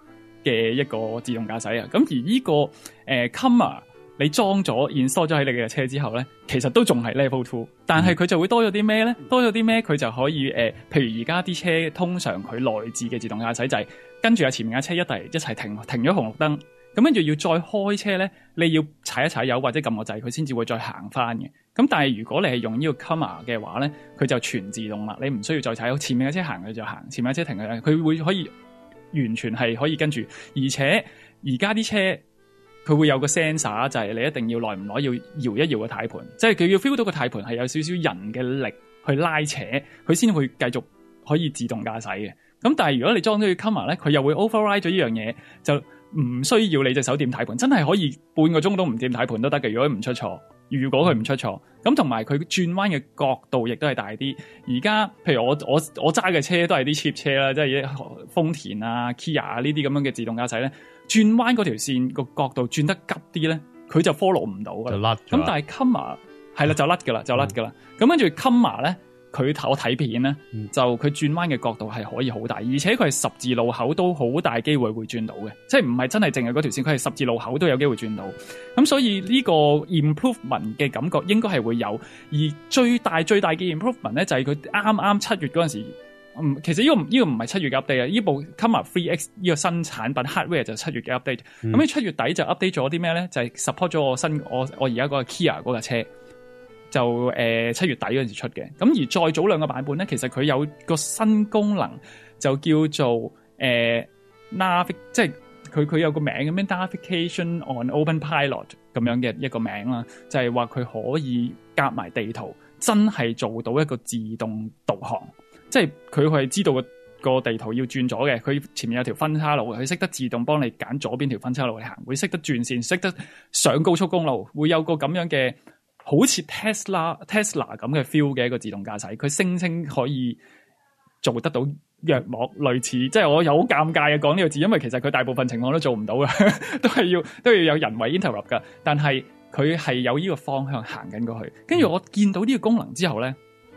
嘅一個自動駕駛啊，咁而呢、呢個誒 comma。呃 comma, 你裝咗，然疏咗喺你嘅車之後咧，其實都仲係 level two，但係佢就會多咗啲咩咧？多咗啲咩佢就可以誒、呃，譬如而家啲車通常佢內置嘅自動駕駛掣，跟住啊前面架車一嚟一齊停，停咗紅綠燈，咁跟住要再開車咧，你要踩一踩油或者撳個掣，佢先至會再行返嘅。咁但係如果你係用個呢個 comma 嘅話咧，佢就全自動啦，你唔需要再踩油，前面架車行佢就行，前面架車停佢，佢會可以完全係可以跟住，而且而家啲車。佢會有個 sensor，就係你一定要耐唔耐要搖一搖個軚盤，即係佢要 feel 到個軚盤係有少少人嘅力去拉扯，佢先會繼續可以自動駕駛嘅。咁但係如果你裝咗個 comma 咧，佢又會 override 咗呢樣嘢，就唔需要你隻手掂軚盤，真係可以半個鐘都唔掂軚盤都得嘅。如果唔出錯，如果佢唔出錯，咁同埋佢轉彎嘅角度亦都係大啲。而家譬如我我我揸嘅車都係啲 cheap 車啦，即係啲豐田啊、Kia 啊呢啲咁樣嘅自動駕駛咧。轉彎嗰條線個角度轉得急啲咧，佢就 follow 唔到嘅，就甩，咁但係 comma 係啦就甩㗎啦，就甩㗎啦。咁跟住 comma 咧，佢頭睇片咧，就佢轉彎嘅角度係可以好大，而且佢係十字路口都好大機會會轉到嘅，即係唔係真係淨係嗰條線，佢係十字路口都有機會轉到。咁所以呢個 improvement 嘅感覺應該係會有，而最大最大嘅 improvement 咧就係佢啱啱七月嗰陣時。唔、嗯，其實呢、呢個依、呢個唔係七月嘅 update 啊！呢部 c o m m a Free X 呢個新產品 Hardware 就七月嘅 update。咁、嗯、喺七月底就 update 咗啲咩咧？就係 support 咗我新我我而家嗰 Kia 嗰架車。就誒、呃、七月底嗰陣時出嘅。咁而再早兩個版本咧，其實佢有個新功能，就叫做、呃、n a v i 即係佢佢有個名咁樣 n a v i c a t i o n on Open Pilot 咁樣嘅一個名啦，就係話佢可以夾埋地圖，真係做到一個自動導航。即係佢係知道個地圖要轉咗嘅，佢前面有條分叉路，佢識得自動幫你揀左邊條分叉路去行，會識得轉線，識得上高速公路，會有個咁樣嘅好似 Tesla Tesla 咁嘅 feel 嘅一個自動駕駛，佢聲稱可以做得到約莫類似，即係我有好尷尬嘅講呢個字，因為其實佢大部分情況都做唔到嘅， 都係要都要有人為 interrupt 噶，但係佢係有呢個方向行緊過去，跟住我見到呢個功能之後咧。嗯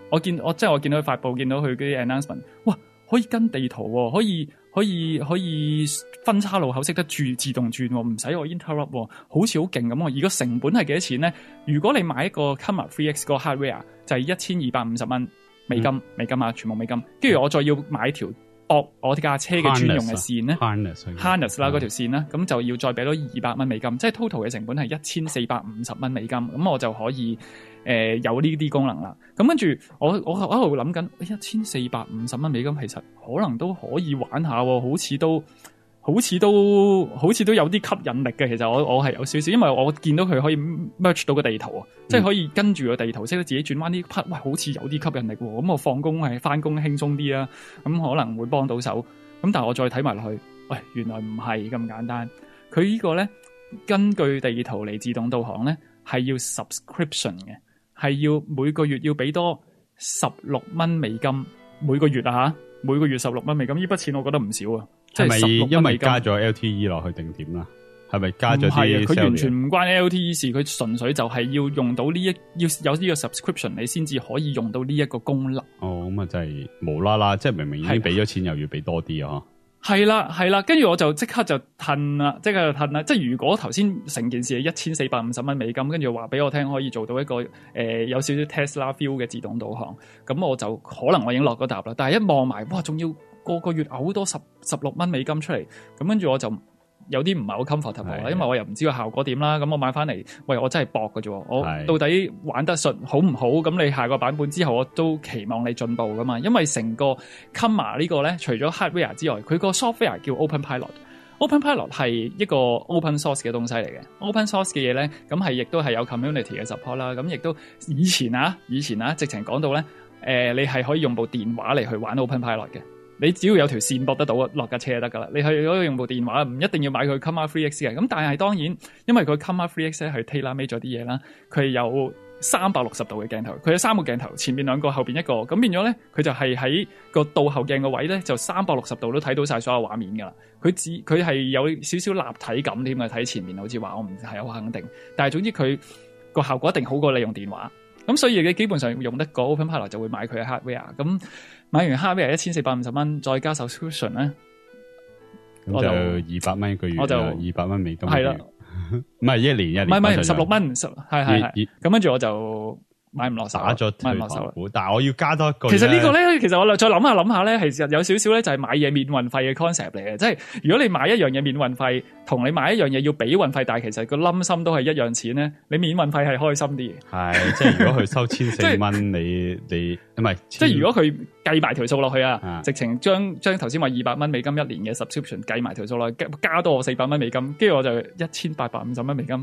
我見我即係我見到佢發布，見到佢啲 announcement，哇！可以跟地圖、哦，可以可以可以分叉路口識得住自動轉、哦，唔使我 interrupt，、哦、好似好勁咁。而個成本係幾多錢咧？如果你買一個 comma 3X 個 hardware 就係一千二百五十蚊美金、嗯，美金啊，全部美金。跟住我再要買條駁我哋架車嘅專用嘅線咧，Harness 啦嗰條線啦，咁就要再俾多二百蚊美金，即係 total 嘅成本係一千四百五十蚊美金。咁我就可以。誒、呃、有呢啲功能啦，咁跟住我我我喺度諗緊一千四百五十蚊美金，其實可能都可以玩下，好似都好似都好似都有啲吸引力嘅。其實我我係有少少，因為我見到佢可以 merge 到個地圖啊，即係可以跟住個地圖識得自己轉彎呢個 part。喂、哎，好似有啲吸引力喎。咁、嗯、我放工係翻工輕鬆啲啊，咁、嗯、可能會幫到手。咁但係我再睇埋落去，喂、哎，原來唔係咁簡單。佢呢個咧根據地圖嚟自動導航咧，係要 subscription 嘅。係要每個月要俾多十六蚊美金，每個月啊吓，每個月十六蚊美金，呢筆錢我覺得唔少啊。係咪因為加咗 LTE 落去定點啦？係咪加咗啲？唔係，佢完全唔關 LTE 事，佢純粹就係要用到呢一要有呢個 subscription，你先至可以用到呢一個功能。哦，咁啊真係無啦啦，即係明明已經俾咗錢，又要俾多啲啊。係啦，係啦，跟住我就即刻就褪啦，即係喺度褪啦。即係如果頭先成件事係一千四百五十蚊美金，跟住話俾我聽可以做到一個、呃、有少少 Tesla feel 嘅自動導航，咁我就可能我已經落嗰沓啦。但係一望埋，哇，仲要個個月嘔多十十六蚊美金出嚟，咁跟住我就。有啲唔係好 comfortable，因為我又唔知個效果點啦。咁我買翻嚟，喂，我真係搏㗎啫。我到底玩得順好唔好？咁你下個版本之後，我都期望你進步㗎嘛。因為成個 comma 呢個咧，除咗 hardware 之外，佢個 software 叫 Open Pilot。Open Pilot 係一個 open source 嘅東西嚟嘅。open source 嘅嘢咧，咁係亦都係有 community 嘅 support 啦。咁亦都以前啊，以前啊，直情講到咧，呃，你係可以用部電話嚟去玩 Open Pilot 嘅。你只要有條線駁得到啊，落架車就得噶啦。你去嗰以用部電話，唔一定要買佢 Comma 3X 嘅。咁但係當然，因為佢 Comma 3X 咧係 Tesla make 咗啲嘢啦，佢有三百六十度嘅鏡頭，佢有三個鏡頭，前面兩個，後面一個，咁變咗咧，佢就係喺個倒後鏡個位咧，就三百六十度都睇到晒所有畫面噶啦。佢只佢係有少少立體感添嘅，睇前面好似話，我唔係好肯定。但係總之佢個效果一定好過你用電話。咁所以你基本上用得過 OpenPower 就會買佢嘅 hardware，咁買完 hardware 一千四百五十蚊，再加 solution 咧，咁就二百蚊一個月，我就二百蚊美金，係啦，唔係 一年，一年，唔係唔係十六蚊，十，係係，咁跟住我就。買唔落手，買唔落手。但係我要加多一個。其實這個呢個咧，其實我再諗下諗下咧，其實有少少咧，就係買嘢免運費嘅 concept 嚟嘅，即係如果你買一樣嘢免運費，同你買一樣嘢要俾運費，但係其實個冧心都係一樣錢咧，你免運費係開心啲係，即係如果佢收千四蚊，你你唔係，即係如果佢計埋條數落去啊直，直情將將頭先話二百蚊美金一年嘅 subscription 計埋條數落，加加多我四百蚊美金，跟住我就一千八百五十蚊美金，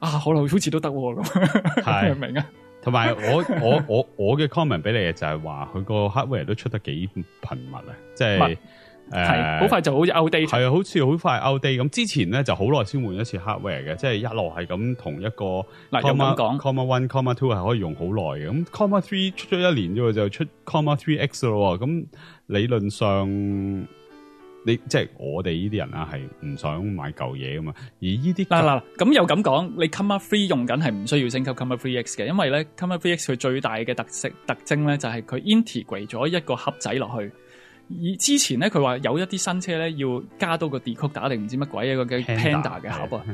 啊，好好似都得咁，明啊？同埋我 我我我嘅 comment 俾你嘅就係話佢個 hardware 都出得幾頻密，呢即係係好快就好似 outdate。係好似好快 outdate，咁之前呢就好耐先換一次 hardware 嘅，即係一路係咁同一個 comma 1, comma 2係可以用好耐嘅。咁 ,comma 3出咗一年啫就出 comma 3x 喇喎，咁理論上你即係我哋呢啲人啊，係唔想買舊嘢噶嘛？而呢啲嗱嗱，咁又咁講，你 Comma 3用緊係唔需要升級 Comma 3X 嘅，因為咧 Comma 3X 佢最大嘅特色特徵咧就係佢 integrate 咗一個盒仔落去。之前咧佢話有一啲新車咧要加多個 decoder 定唔知乜鬼一個，一個 Panda Panda, 叫 Panda 嘅盒啊，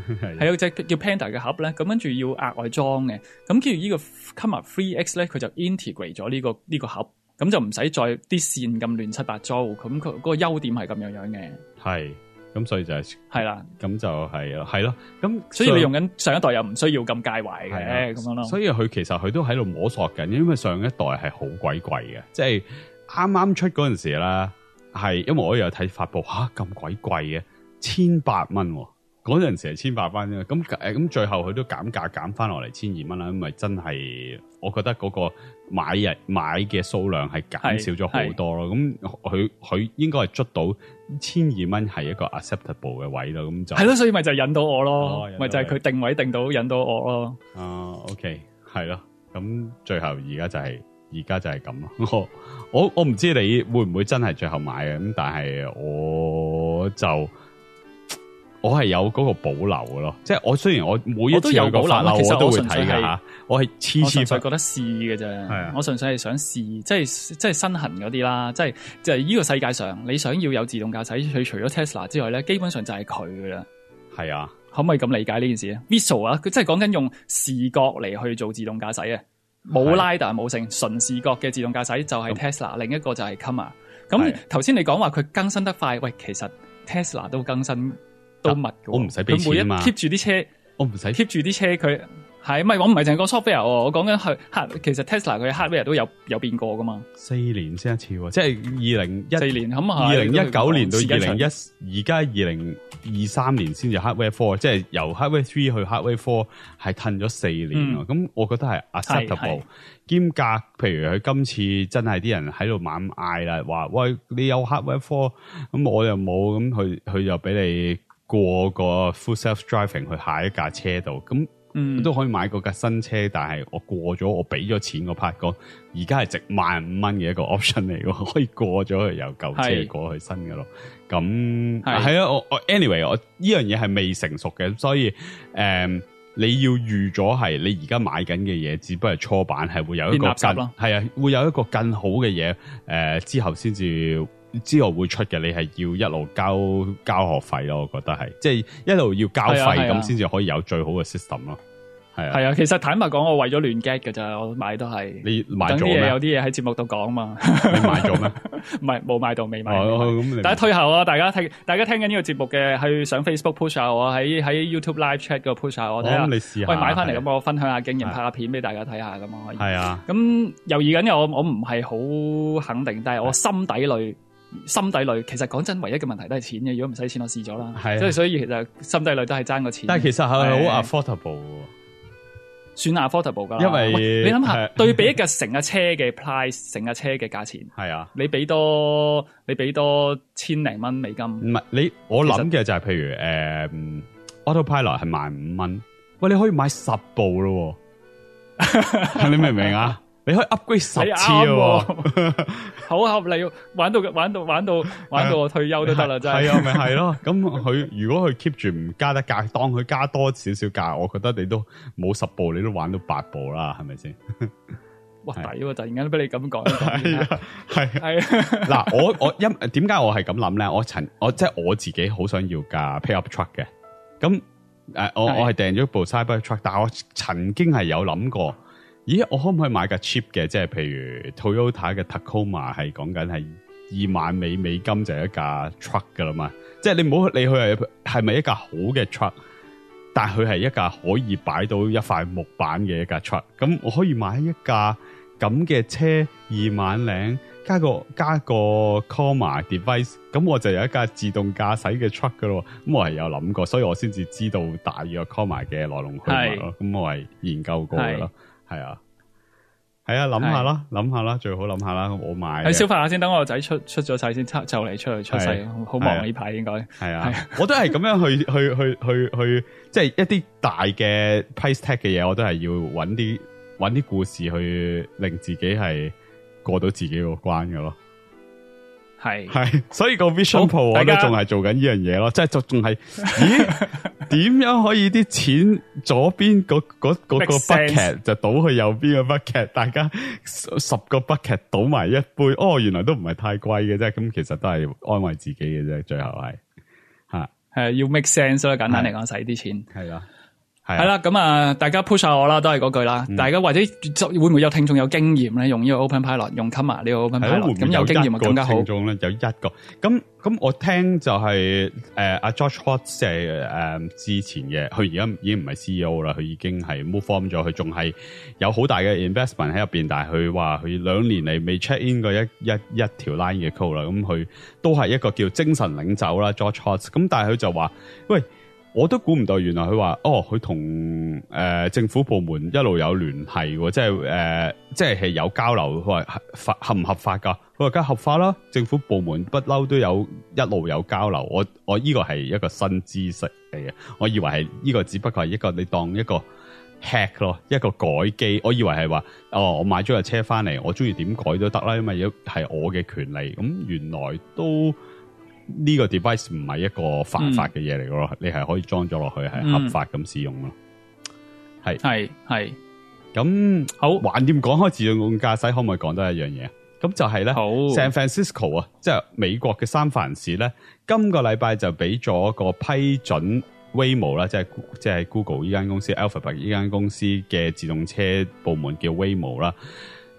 係有隻叫 Panda 嘅盒咧，咁跟住要額外裝嘅，咁跟住呢個 Comma 3X 咧佢就 integrate 咗呢、這個呢、這個盒。咁就唔使再啲線咁亂七八糟，咁佢嗰個優點係咁樣樣嘅。係，咁所以就係係啦，咁就係、啊、咯，係咯，咁所，所以你用緊上一代又唔需要咁介懷嘅，咁樣咯。所以佢其實佢都喺度摸索緊，因為上一代係好鬼貴嘅，即係啱啱出嗰陣時啦，係，因為我又有睇發布吓，咁、啊、鬼貴嘅千八蚊，嗰陣時係千八蚊啫，咁誒，咁最後佢都減價減翻落嚟千二蚊啦，因為真係。我覺得嗰個買嘢買嘅數量係減少咗好多咯，咁佢佢應該係捉到千二蚊係一個 acceptable 嘅位咯，咁就係咯，所以咪就引到我咯，咪、哦、就係佢定位定到引到我咯。啊、uh，OK，係咯，咁最後而家就係而家就係咁咯。我我唔知你會唔會真係最後買嘅，咁但係我就。我係有嗰個保留嘅咯，即係我雖然我每一次我都有個保留，其我都會睇嘅吓。我係次次，我係覺得試嘅啫。啊、我純粹係想試，即係即係新恒嗰啲啦，即係即係呢個世界上你想要有自動駕駛，佢除咗 Tesla 之外咧，基本上就係佢嘅啦。係啊，啊，可唔可以咁理解呢件事 v i s s a l 啊，佢即係講緊用視覺嚟去做自動駕駛啊。冇 Lidar 冇成純視覺嘅自動駕駛就係 Tesla，另一個就係 c o m m a，咁頭先你講話佢更新得快，喂，其實 Tesla 都更新。物我唔使俾錢啊嘛！keep 住啲車，我唔使 keep 住啲車。佢係咪我唔係淨係講 software 哦？我講緊係黑，其實 Tesla 佢嘅 hardware 都有有變過噶嘛？四年先一次喎，即係二零一四年，咁係二零一九年到二零一而家二零二三年先至 hardware four，即係由 hardware three 去 hardware four 係褪咗四年啊！咁、嗯、我覺得係 acceptable，兼夾，譬如佢今次真係啲人喺度猛嗌啦，話喂你有 hardware four，咁我又冇，咁佢佢又俾你。過個 full self driving 去下一架車度，咁都可以買嗰架新車。嗯、但係我過咗，我俾咗錢嗰 part，而家係值萬五蚊嘅一個 option 嚟，可以過咗由舊車過去新嘅咯。咁係啊，啊，我我 anyway，我呢樣嘢係未成熟嘅，所以誒、呃、你要預咗係你而家買緊嘅嘢，只不過係初版係會有一個更係啊，會有一個更好嘅嘢誒之後先至。之後會出嘅，你係要一路交交學費咯。我覺得係，即係一路要交費咁，先至，啊啊、可以有最好嘅 system 咯。係啊，啊，其實坦白講，我為咗亂 gad 嘅咋，我買都係你買咗嘢，有啲嘢喺節目度講嘛，你買咗咩？唔係冇買到，未買。咁，哦哦嗯、大家推後啊，大家睇，大家聽緊呢個節目嘅，去上 Facebook push 下我，喺喺 YouTube live chat 嗰個 push 下我。咁你試下，喂，買翻嚟咁，啊，我分享下經驗，啊，拍下片俾大家睇下咁可以。係啊，咁猶豫緊，我我唔係好肯定，但係我心底裏。心底裏，其實講真，唯一嘅問題都係錢嘅。如果唔使錢，我試咗啦。係、啊，所以其實心底裏都係爭個錢。但係其實係好 affordable，算 affordable 噶。因為你諗下、啊，對比一架成架車嘅 price，成架車嘅價錢，係啊，你俾多你俾多千零蚊美金。唔係你，我諗嘅就係、是、譬如誒、嗯、，Autopilot 係賣五蚊，喂，你可以買十部咯。 你明唔明啊？你可以 upgrade 十次喎，好、啊、 合理例如玩到玩到玩到 玩到我退休都得啦，真係係啊，咪係咯。咁佢、就是、 如果佢 keep 住唔加得價，當佢加多少少價，我覺得你都冇十部，你都玩到八部啦，係咪先？哇！抵喎，突然間都俾你咁講，係係啊。嗱， 我我因點解我係咁諗咧？我曾我,我,我即係我自己好想要架 pay up truck 嘅。咁誒，我我係訂咗部 cyber truck，但係我曾經係有諗過。咦，我可唔可以買架 cheap 嘅？即係譬如 Toyota 嘅 Tacoma 係講緊係二萬美美金就一架 truck 噶啦嘛。即係你唔好理佢係係咪一架好嘅 truck？但係佢係一架可以擺到一塊木板嘅一架 truck。咁我可以買一架咁嘅車，二萬零加個加個 comma device。咁我就有一架自動駕駛嘅 truck 噶咯。咁我係有諗過，所以我先至知道大約 comma 嘅來龍去脈咯。咁我係研究過嘅咯。係啊，係啊，諗下啦，諗、啊、下啦，最好諗下啦。我買，去消化下先，等我個仔出出咗世先，就嚟出嚟出世，好、啊、忙呢、啊、排、啊、應該。係啊，是啊 我是是，我都係咁樣去去去去去，即係一啲大嘅 price tag 嘅嘢，我都係要搵啲揾啲故事去令自己係過到自己個關嘅咯。係係，所以個 Vision Pro 我都仲係做緊呢樣嘢咯，即係仲仲係，咦？點 樣可以啲錢左邊嗰嗰個 bucket 就倒去右邊嘅 bucket？大家十個 bucket 倒埋一杯，哦，原來都唔係太貴嘅啫。咁其實都係安慰自己嘅啫。最後係吓、啊，要 make sense，所以簡單嚟講，使啲錢係啦。係啦、啊，咁啊，大家 push 下我啦，都係嗰句啦、嗯。大家或者會唔會有聽眾有經驗咧？用呢個 Open Pilot，用 Comma 呢個 Open Pilot，咁、啊、有經驗咪更加好。聽眾咧有一個，咁咁我聽就係誒阿 George Hots 誒、呃、之前嘅，佢而家已經唔係 C E O 啦，佢已經係 move on 咗，佢仲係有好大嘅 investment 喺入邊，但係佢話佢兩年嚟，未 check in 過一一一條 line 嘅 code 啦，咁佢都係一個叫精神領袖啦，George Hots，咁但係佢就話喂。我都估唔到，原來佢話哦，佢同誒政府部門一路有聯繫，即係誒、呃，即係係有交流。佢話合合唔合法噶？佢話梗係合法啦。政府部門不嬲都有一路有交流。我我呢、這個係一個新知識嚟嘅。我以為係呢、這個只不過係一個你當一個 hack 咯，一個改機。我以為係話哦，我買咗架車翻嚟，我中意點改都得啦，因為係我嘅權利。咁原來都。呢個 device 唔係一個犯法嘅嘢嚟嘅咯，你係可以裝咗落去係合法咁使用咯。係係係，咁好，橫掂講開自動駕駛，可唔可以講多一樣嘢？咁就係咧，好，San Francisco 啊，即係美國嘅三藩市咧，今個禮拜就俾咗個批准 Waymo 啦，即係即係 Google 呢間公司、Alphabet 呢間公司嘅自動車部門叫 Waymo 啦，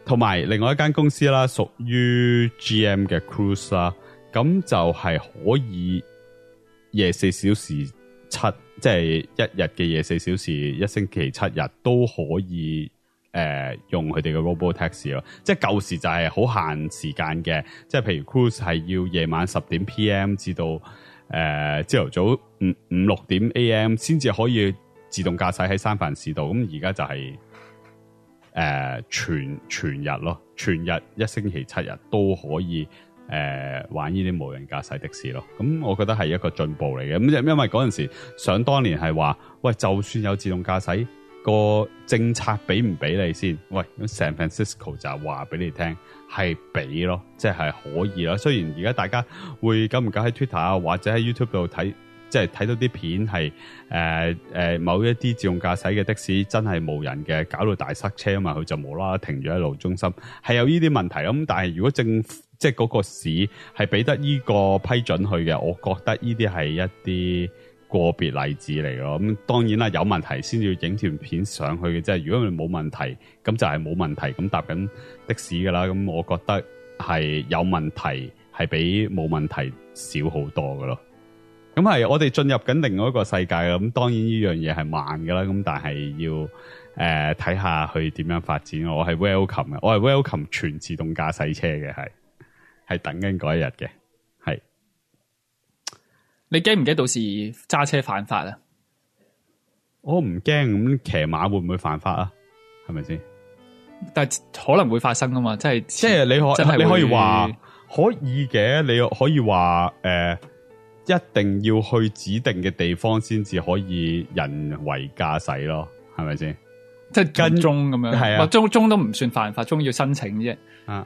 同埋另外一間公司啦，屬於 GM 嘅 Cruise 啦。咁就係可以夜四小時七，即係一日嘅夜四小時，一星期七日都可以誒，用佢哋嘅 robot taxi 咯。即係舊時就係好限時間嘅，即係譬如 Cruise 係要夜晚十點 P.M. 至到誒朝頭早五五六點 A.M. 先至可以自動駕駛喺三藩市度。咁而家就係誒全全日咯，全日一星期七日都可以。誒、呃、玩呢啲無人駕駛的士咯，咁我覺得係一個進步嚟嘅。咁因因為嗰陣時，想當年係話，喂，就算有自動駕駛，個政策俾唔俾你先？喂，San Francisco 就話俾你聽係俾咯，即係可以啦。雖然而家大家會唔唔敢喺 Twitter 啊或者喺 YouTube 度睇，即係睇到啲片係誒、呃呃、某一啲自動駕駛嘅的，的士真係無人嘅，搞到大塞車啊嘛，佢就冇啦啦停咗喺路中心，係有呢啲問題咁。但係如果政府，即係嗰個市係俾得呢個批准佢嘅，我覺得呢啲係一啲個別例子嚟咯。咁當然啦，有問題先要影條片上去嘅，即係如果佢冇問題，咁就係冇問題咁搭緊的士噶啦。咁我覺得係有問題係比冇問題少好多噶咯。咁係我哋進入緊另外一個世界嘅。咁當然呢樣嘢係慢噶啦。咁但係要誒睇下去點樣發展。我係 welcome 嘅，我係 welcome 全自動駕駛車嘅係。係等緊嗰一日嘅，係。你驚唔驚到時揸車犯法啊？我唔驚，咁騎馬會唔會犯法啊？係咪先？但係可能會發生啊嘛，即係即係你可你可以話可以嘅，你可以話誒、呃，一定要去指定嘅地方先至可以人為駕駛咯，係咪先？即係跟蹤咁樣係啊？中中,中都唔算犯法，中要申請啫。啊，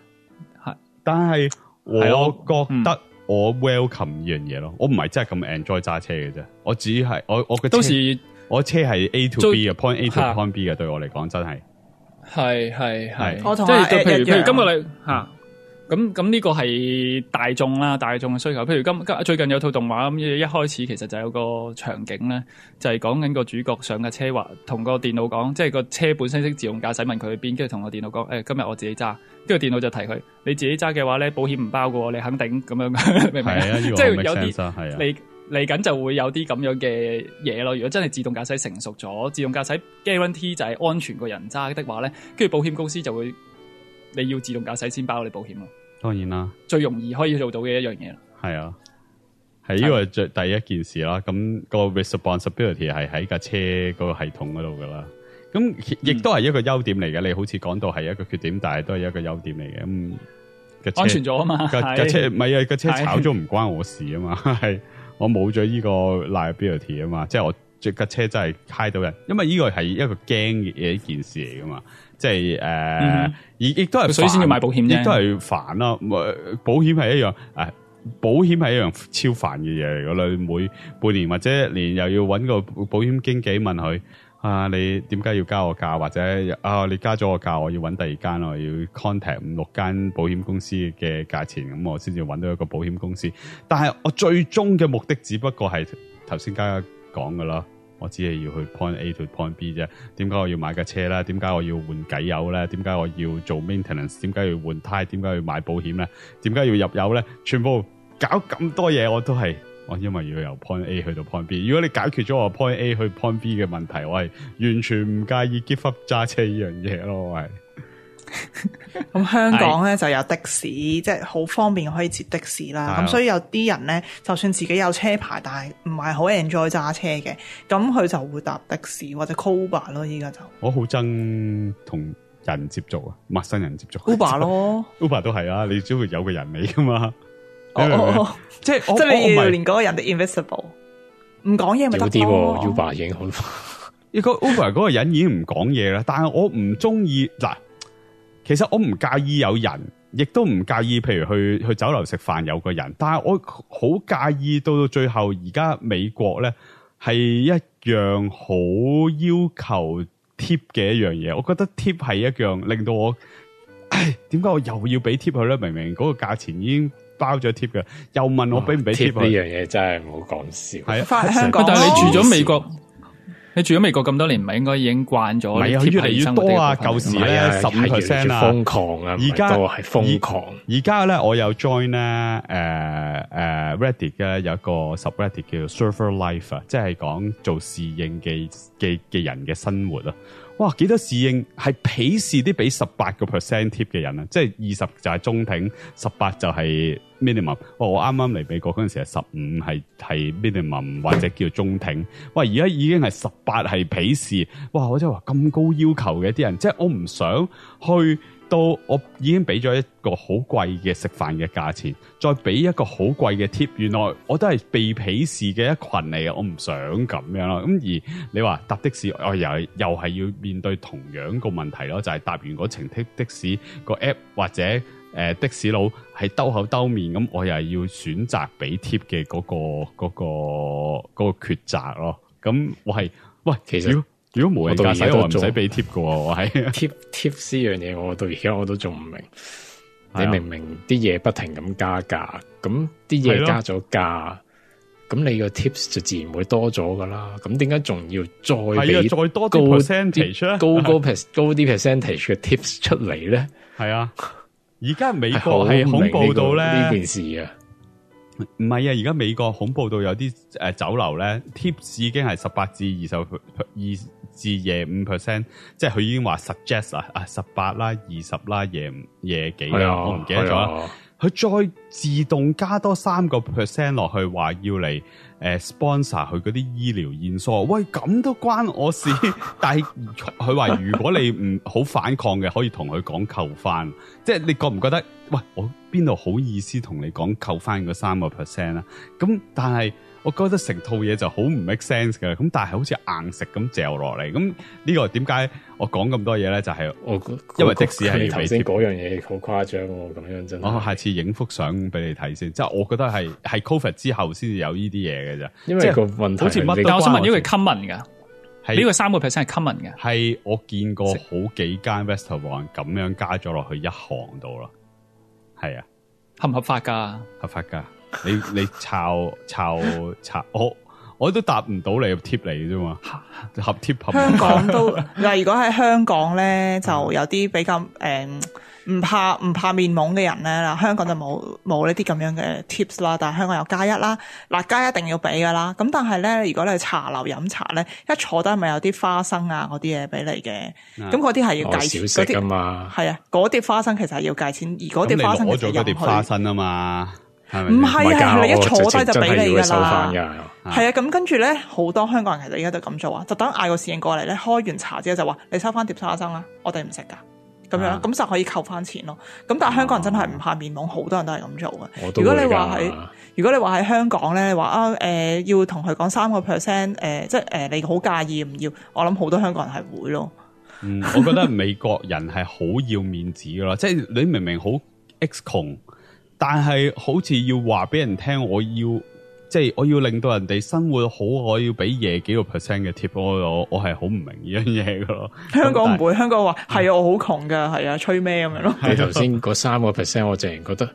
係，但係。我覺得我 welcome 呢樣嘢咯，我唔係真係咁 enjoy 揸車嘅啫，我只係我我嘅。到時我車係 A to B 啊 point A to point B 嘅，對我嚟講真係係係係，我同即係即係，譬如、啊、譬如、啊、啊、今日你吓。咁咁呢個係大眾啦，大眾嘅需求。譬如今最近有套動畫咁，一開始其實就有個場景咧，就係、是、講緊個主角上嘅車話同個電腦講，即係個車本身識自動駕駛問，問佢去邊，跟住同個電腦講、欸，今日我自己揸，跟住電腦就提佢，你自己揸嘅話咧，保險唔包嘅你肯定咁樣，明即係、啊、有啲你嚟緊就會有啲咁樣嘅嘢咯。如果真係自動駕駛成熟咗，自動駕駛 guarantee 就係安全過人揸嘅話咧，跟住保險公司就會你要自動駕駛先包你保險咯。當然啦，最容易可以做到嘅一樣嘢啦。係啊，係呢個係最第一件事啦。咁、那個 responsibility 係喺架車個系統嗰度噶啦。咁亦都係一個優點嚟嘅、嗯。你好似講到係一個缺點，但係都係一個優點嚟嘅。咁、那個、安全咗啊嘛。架架車唔係啊，架車炒咗唔關我事啊嘛。係 我冇咗呢個 liability 啊嘛。即、就、係、是、我架車真係揩到人，因為呢個係一個驚嘅一件事嚟噶嘛。即係誒、呃嗯，而亦都係，首先要買保險，亦都係煩咯。保險係一樣，誒，保險係一樣超煩嘅嘢嚟。㗎啦。每半年或者一年又要搵個保險經紀問佢：啊，你點解要加我價？或者啊，你加咗我價，我要搵第二間，我要 contact 五六間保險公司嘅價錢，咁我先至搵到一個保險公司。但係我最終嘅目的，只不過係頭先家家講噶啦。我只係要去 point A 去 point B 啫，點解我要買架車啦？點解我要換偈油咧？點解我要做 maintenance？點解要換胎？點解要買保險咧？點解要入油咧？全部搞咁多嘢我都係，我因為要由 point A 去到 point B。如果你解決咗我 point A 去 point B 嘅問題，我係完全唔介意 give up 揸車呢樣嘢咯，喂。咁 香港咧就有的士，即係好方便可以接的士啦。咁所以有啲人咧，就算自己有車牌，但係唔係好 enjoy 揸車嘅，咁佢就會搭的士或者 Uber 咯。依家就我好憎同人接觸啊，陌生人接觸 Uber 咯 ，Uber 都係啊，你只會有個人嚟噶嘛。哦、oh, oh,， 即係、oh, oh, 即係、oh, oh, 你要連嗰個人都 invisible，唔講嘢咪得咯？Uber 影好。一 個 Uber 嗰個人已經唔講嘢啦，但係我唔中意嗱。其實我唔介意有人，亦都唔介意，譬如去去酒樓食飯有個人，但係我好介意到到最後，而家美國咧係一樣好要求貼嘅一樣嘢。我覺得貼係係一樣令到我，唉，點解我又要俾貼佢咧？明明嗰個價錢已經包咗貼嘅，又問我俾唔俾貼。呢樣嘢真係唔好講笑，係啊、返香港，但係你除咗美國。啊你住咗美國咁多年，唔係應該已經慣咗、啊？唔係、啊，越嚟越多啊！舊時啊，十五 percent 啊，瘋狂啊，而家係瘋狂。而家咧，我有 join 咧、uh, uh, 啊，誒誒 Reddit 嘅有一個 subreddit 叫做 Server Life 啊，即係講做侍應嘅嘅嘅人嘅生活啊。哇，幾多侍應係鄙視啲俾十八個 percent tip 嘅人啊？即係二十就係中庭，十八就係、是。minimum，哇，哦！我啱啱嚟美國嗰陣時係十五，係係 minimum 或者叫中挺。哇！而家已經係十八，係鄙視。哇！我真係話咁高要求嘅啲人，即、就、係、是、我唔想去到，我已經俾咗一個好貴嘅食飯嘅價錢，再俾一個好貴嘅 tip。原來我都係被鄙視嘅一群嚟嘅，我唔想咁樣咯。咁而你話搭的士，我又係又係要面對同樣個問題咯，就係、是、搭完嗰程的的士個 app 或者。誒、呃，的士佬喺兜口兜面咁，我又要選擇俾貼嘅嗰個嗰、嗰個嗰、嗰個嗰個抉擇咯。咁我係喂，其實如果如果冇人駕駛，我唔使俾貼噶。我係貼貼呢樣嘢，我到而家 我，我都仲唔明、啊。你明明啲嘢不停咁加價，咁啲嘢加咗價，咁、啊、你個 tips 就自然會多咗噶啦。咁點解仲要再俾、啊、再多 percentage 高高 percent 高啲 percentage 嘅 tips 出嚟咧？係啊。而家美國係恐怖到咧呢件事啊，唔係啊，而家美國恐怖到有啲誒酒樓咧，tips 已經係十八至二十，二至廿五 percent，即係佢已經話 suggest 18啦，啊十八啦，二十啦，廿廿幾啦，哎，我唔記得咗，佢、哎、再自動加多三個 percent 落去，話要嚟。誒 sponsor 佢嗰啲醫療現疏，喂，咁都關我事？ 但係佢話如果你唔好反抗嘅，可以同佢講扣翻，即係你覺唔覺得？喂，我邊度好意思同你講扣翻嗰三個 percent 啦？咁但係。我覺得成套嘢就好唔 make sense 嘅，咁但係好似硬食咁嚼落嚟，咁呢個點解我講咁多嘢咧？就係、是、因為的士係頭先嗰樣嘢好誇張，咁樣真係我下次影幅相俾你睇先，即係我覺得係係 Covid 之後先至有呢啲嘢嘅啫。因為個問題，好似乜？但我想問我，呢、呢個 common 噶？係呢個三個 percent 係 common 噶？係我見過好幾間 restaurant 咁樣加咗落去一行度啦。係啊，合唔合法噶？合法噶。你你抄抄茶，我我都答唔到你嘅貼你啫嘛，合貼合，合。香港都嗱， 如果喺香港咧，就有啲比較誒唔、嗯、怕唔怕面懵嘅人咧嗱，香港就冇冇呢啲咁樣嘅 tips 啦，但係香港有加一啦，嗱加一,一定要俾噶啦，咁但係咧，如果你去茶樓飲茶咧，一坐低係咪有啲花生啊嗰啲嘢俾你嘅，咁嗰啲係要計錢噶嘛，係啊，嗰碟、啊、花生其實係要計錢，而嗰啲花生就嘛。唔係，係你一坐低就俾你噶啦，係啊，咁、啊、跟住咧好多香港人其實而家都咁做啊，就等嗌個侍應過嚟咧，開完茶之後就話你收翻碟沙生啦，我哋唔食噶，咁樣咁、啊、就可以扣翻錢咯。咁但係香港人真係唔怕面懵，好、啊、多人都係咁做噶。如果你話喺、啊、如果你話喺香港咧，話啊誒、呃、要同佢講三個 percent 誒，即係誒你好介意唔要，我諗好多香港人係會咯。嗯，我覺得美國人係好要面子噶咯， 即係你明明好 X 窮。但係好似要話俾人聽，我要即係、就是、我要令到人哋生活好，我要俾夜幾個 percent 嘅 tip，我我係好唔明呢樣嘢嘅咯。香港唔會，香港話係啊，我好窮噶，係啊，吹咩咁樣咯。你頭先嗰三個 percent，我淨係覺得。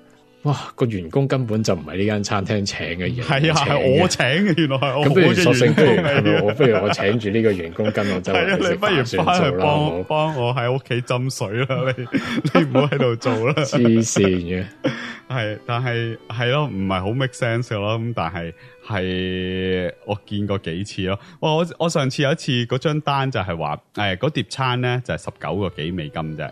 哇！個員工根本就唔係呢間餐廳請嘅人，係啊，係我請嘅，原來係。咁不如索性不如，我 不如我請住呢個員工跟我走。係啊，你不如翻去幫幫我喺屋企斟水啦，你 你唔好喺度做啦。黐線嘅，係， 但係係咯，唔係好 make sense 咯。咁但係係我見過幾次咯。哇！我我上次有一次嗰張單就係話，誒、哎、嗰碟餐咧就係十九個幾美金啫。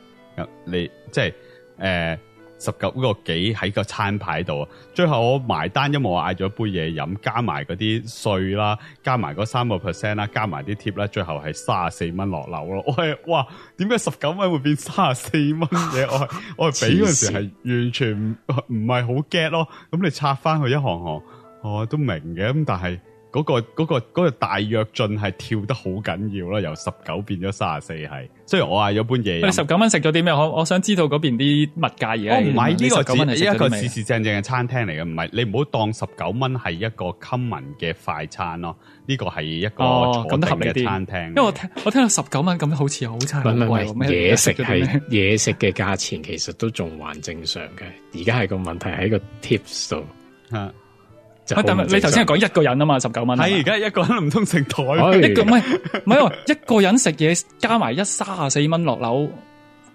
你即係誒。就是呃十九嗰個幾喺個餐牌度啊，最後我埋單，因為我嗌咗一杯嘢飲，加埋嗰啲稅啦，加埋嗰三個 percent 啦，加埋啲貼啦，最後係卅四蚊落樓咯。我係，哇，點解十九蚊會變卅四蚊嘅？我我俾嗰陣時係完全唔唔係好 get 咯。咁你拆翻去一行行，我、哦、都明嘅。咁但係。嗰、那個嗰、那個那個、大躍進係跳得好緊要啦，由十九變咗三十四係。雖然我嗌有般嘢。十九蚊食咗啲咩？我我想知道嗰邊啲物價嘢。我唔係呢個只係一個事事正正嘅餐廳嚟嘅，唔係你唔好當十九蚊係一個 common 嘅快餐咯。呢個係一個合理嘅餐廳，哦。因為我，我聽我聽到十九蚊咁，好似好差唔貴。嘢食係嘢 食嘅價錢其實都仲還，還正常嘅，而家係個問題係一個 tips 度。 但係你頭先係講一個人啊嘛，十九蚊。你而家一個人唔通食台， 一個唔係唔係一個人食嘢加埋一卅四蚊落樓。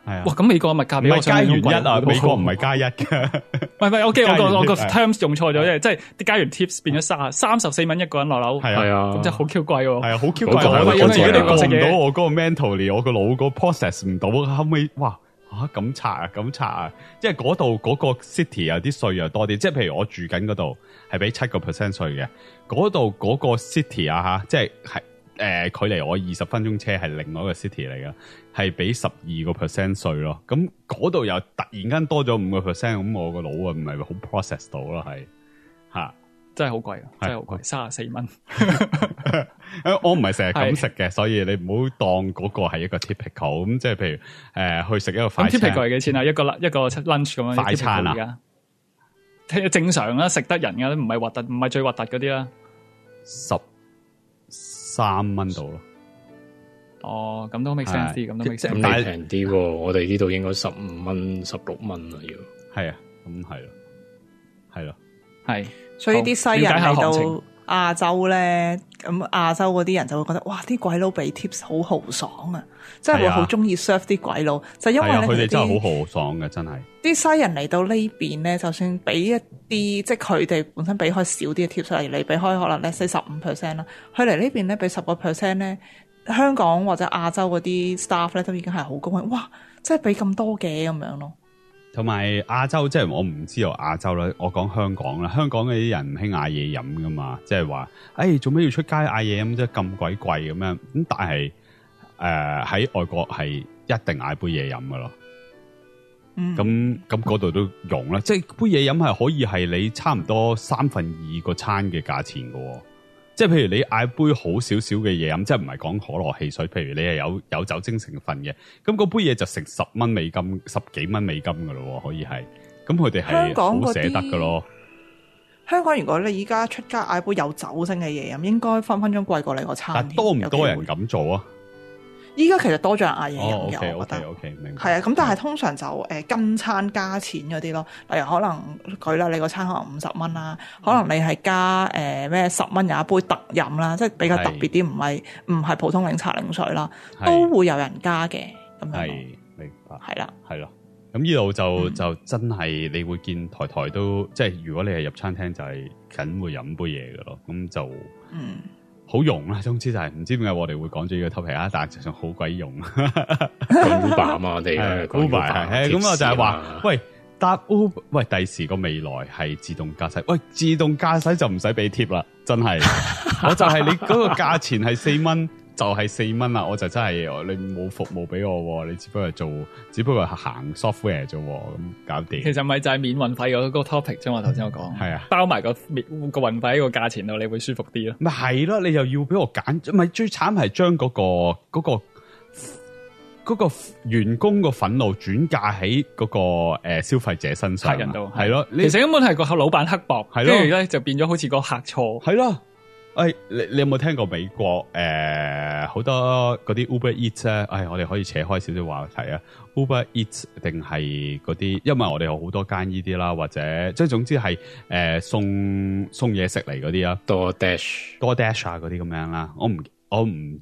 係啊，哇！咁美國物價比我加完一啊，美國唔係加一嘅。唔係唔係，OK 我個我個 terms 用錯咗，即係即係啲加完 tips 變咗卅三十四蚊一個人落樓。係啊啊，真係好 Q 貴喎。係啊，好 Q 貴啊，因為如果你食唔到我嗰個 mentally 我個腦個 process 唔到，後尾哇？啊咁拆啊咁拆啊！即係嗰度嗰個 city 有啲稅又多啲，即係譬如我住緊嗰度係俾七個 percent 稅嘅，嗰度嗰個 city 啊吓、啊，即係係誒，距離我二十分鐘車係另外一個 city 嚟嘅，係俾十二個 percent 稅咯。咁嗰度又突然間多咗五個 percent，咁我個腦啊唔係好 process 到咯，係吓。啊真係好貴啊，真係好貴，三十四蚊，元 我唔係成日咁食嘅，所以你唔好當嗰個係一個 typical。咁即係譬如誒、呃、去食一個快餐。typical 係幾錢啊？一個一個 lunch 咁樣快餐啊？正常啦，食得人噶，唔係核突，唔係最核突嗰啲啦，十三蚊度咯。哦，咁都 makes sense，咁都 makes sense，咁平啲。我哋呢度應該十五蚊、十六蚊啦，要係啊，咁係咯，係咯，係。所以啲西人嚟到亞洲咧，咁亞洲嗰啲人就會覺得哇，啲鬼佬俾 tips 好豪爽啊，真係會好中意 serve 啲鬼佬，啊、就因為佢哋、啊、真係好豪爽嘅，真係。啲西人嚟到呢邊咧，就算俾一啲即係佢哋本身俾開少啲嘅 tips，例如你俾開可能咧四十五 percent 啦，佢嚟呢邊咧俾十個 percent 咧，香港或者亞洲嗰啲 staff 咧都已經係好高興，哇！真係俾咁多嘅咁樣咯。同埋亞洲即係我唔知道亞洲啦，我講香港啦，香港嘅啲人唔興嗌嘢飲噶嘛，即係話，哎做咩要出街嗌嘢飲啫咁鬼貴咁樣？咁但係誒喺外國係一定嗌杯嘢飲噶咯，嗯，咁咁嗰度都融啦，即係杯嘢飲係可以係你差唔多三分二個餐嘅價錢噶喎。即係譬如你嗌杯好少少嘅嘢飲，即係唔係講可樂汽水，譬如你係有有酒精成分嘅，咁嗰杯嘢就成十蚊美金、十幾蚊美金噶咯，可以係。咁佢哋係好捨得噶咯香，香港如果你依家出街嗌杯有酒精嘅嘢飲，應該分分鐘貴過你個餐。但多唔多人咁做啊？依家其實多咗人嗌嘢飲嘢，我覺得係啊，咁、哦 okay, okay, okay，但係通常就誒、嗯呃、跟餐加錢嗰啲咯，例如可能舉例你個餐可能五十蚊啦，可能你係加誒咩、呃、十蚊有一杯特飲啦、嗯，即係比較特別啲，唔係唔係普通檸茶檸水啦，都會有人加嘅咁樣。係明白。係啦，係咯，咁呢度就就真係你會見台台都即係、就是、如果你係入餐廳就係緊會飲杯嘢嘅咯，咁就嗯。好用啊！總之就係、是、唔知點解我哋會 講住呢個 topic 啊，但係仲好鬼用啊 Uber 啊嘛，我哋 Uber 咁我就係話，喂，搭 Uber，喂，第時個未來係自動駕駛，喂，自動駕駛就唔使俾貼啦，真係， 我就係你嗰個價錢係四蚊。 就係四蚊啦，我就真係你冇服務俾我，你只不過做只不過係行 software 啫，咁搞掂。其實咪就係免運費嗰個 topic 啫嘛，頭、嗯、先我講係啊，包埋個免個運費個價錢咯，你會舒服啲咯。咪係咯，你又要俾我揀，咪最慘係將嗰個嗰、嗰個嗰、嗰個員工憤轉個憤怒轉嫁喺嗰個誒消費者身上。係人都係咯，其實根本係個老闆刻薄，係咯、啊，跟住咧就變咗好似個客錯，係咯、啊。誒、哎，你你有冇聽過美國誒好、呃、多嗰啲 Uber Eats 誒、啊哎，我哋可以扯開少少話題啊，Uber Eats 定係嗰啲，因為我哋有好多間呢啲啦，或者即係總之係誒、呃、送送嘢食嚟嗰啲啊 DoorDash、DoorDash 啊嗰啲咁樣啦，我唔我唔。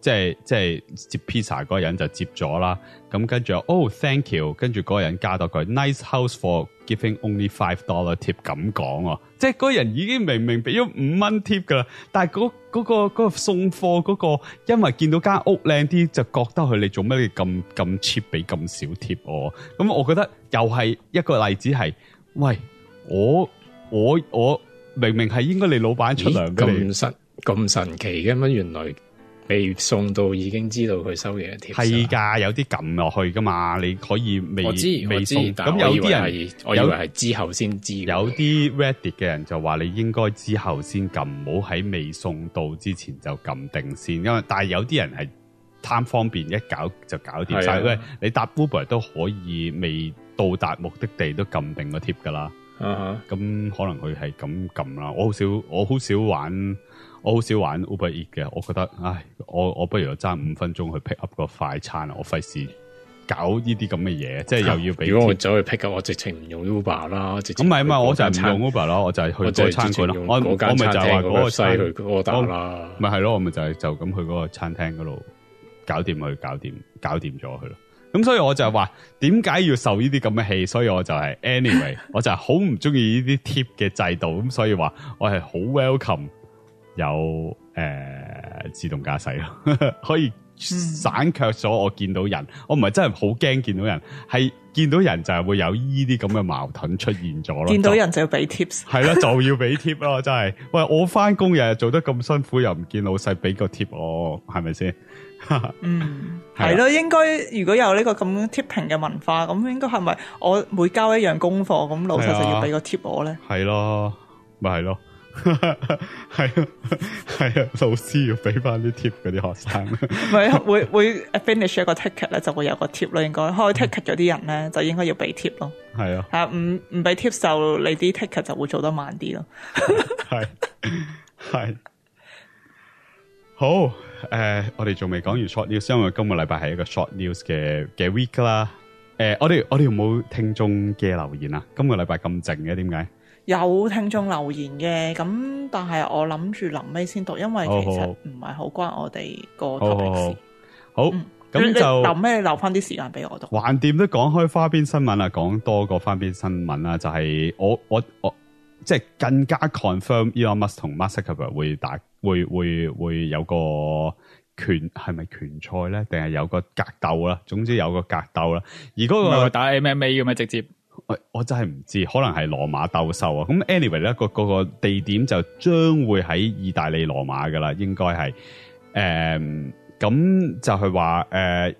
即係即係接披薩嗰個人就接咗啦，咁跟住哦，thank you，跟住嗰個人加多句 Nice house for giving only five dollar tip 咁講，即係嗰個人已經明明俾咗五蚊 tip 噶啦，但係嗰嗰個嗰個送貨嗰個，因為見到間屋靚啲，就覺得佢你做咩咁咁 cheap 俾咁少 tip 哦。咁我覺得又係一個例子係，喂，我我我明明係應該你老闆出糧嘅，咁神咁神奇嘅，咁原來。未送到，已經知道佢收嘢嘅貼。係㗎，有啲撳落去㗎嘛？你可以未未送。咁有啲人，我以為係之，之後先知。有啲 ready 嘅人就話，你應該之後先撳，唔好喺未送到之前就撳定先。因為但係有啲人係貪方便，一搞就搞掂晒。啊、你搭 Uber 都可以未到達目的地都撳定個貼㗎啦。咁、uh-huh. 可能佢係咁撳啦。我好少，我好少玩。我好少玩 Uber EAT 嘅，我覺得，唉，我我不如就爭五分鐘去 pick up 個快餐啊，我費事搞呢啲咁嘅嘢，即係又要俾。如果我走去 pick up，我直情唔用 Uber 啦，咁咪啊嘛，我就係唔用 Uber 咯，我就係去即係餐館啦。我咪就話嗰個細去嗰個大，啦，咪係咯，我咪就係就咁去嗰個餐廳嗰度搞掂佢，搞掂，搞掂咗佢咯。咁所以我就係話，點解要受呢啲咁嘅氣？所以我就係、是、，anyway， 我就係好唔中意呢啲 tip 嘅制度，咁所以話我係好 welcome。有誒、呃、自動駕駛咯， 可以省卻咗我見到人。嗯、我唔係真係好驚見到人，係見到人就係會有呢啲咁嘅矛盾出現咗咯。見到人就要俾 tips，係咯、 啊、就要俾 tip 咯，真係。喂，我翻工，日日做得咁辛苦，又唔見老細俾個 tip 我，係咪先？ 嗯，係咯、啊啊啊。應該如果有呢個咁 tipping 嘅文化，咁應該係咪我每交一樣功課，咁老細就要俾個 tip 我咧？係咯、啊，咪係咯。就是啊係啊，係啊，老師要俾翻啲貼嗰啲學生。唔係，會會 finish 一個 ticket 咧，就會有個貼咯。應該開 ticket 嗰啲人咧，就應該要俾貼咯。係啊，啊唔唔俾貼就你啲 ticket 就會做得慢啲咯。係係好誒，我哋仲未講完 short news，因為今個禮拜係一個 short news 嘅嘅 week 啦。誒，我哋我哋有冇聽眾嘅留言啊？今個禮拜咁靜嘅，點解？有聽眾留言嘅，咁但係我諗住臨尾先讀，因為其實唔係好關我哋個 topic 事。好，咁、嗯、就臨尾留翻啲時間俾我讀，橫掂都講開花邊新聞啦，講多個花邊新聞啦，就係、是、我我我即係、就是、更加 confirm Elon Musk 同 Mark Zuck 會打，會會會，會有個拳係咪拳賽咧？定係有個格鬥啦？總之有個格鬥啦。而嗰、那個打 MMA 咁樣，要要直接。我我真係唔知，可能係羅馬鬥獸啊！咁 anyway 咧，個個個地點就將會喺意大利羅馬噶啦，應該係誒，咁、um, 就係話誒誒，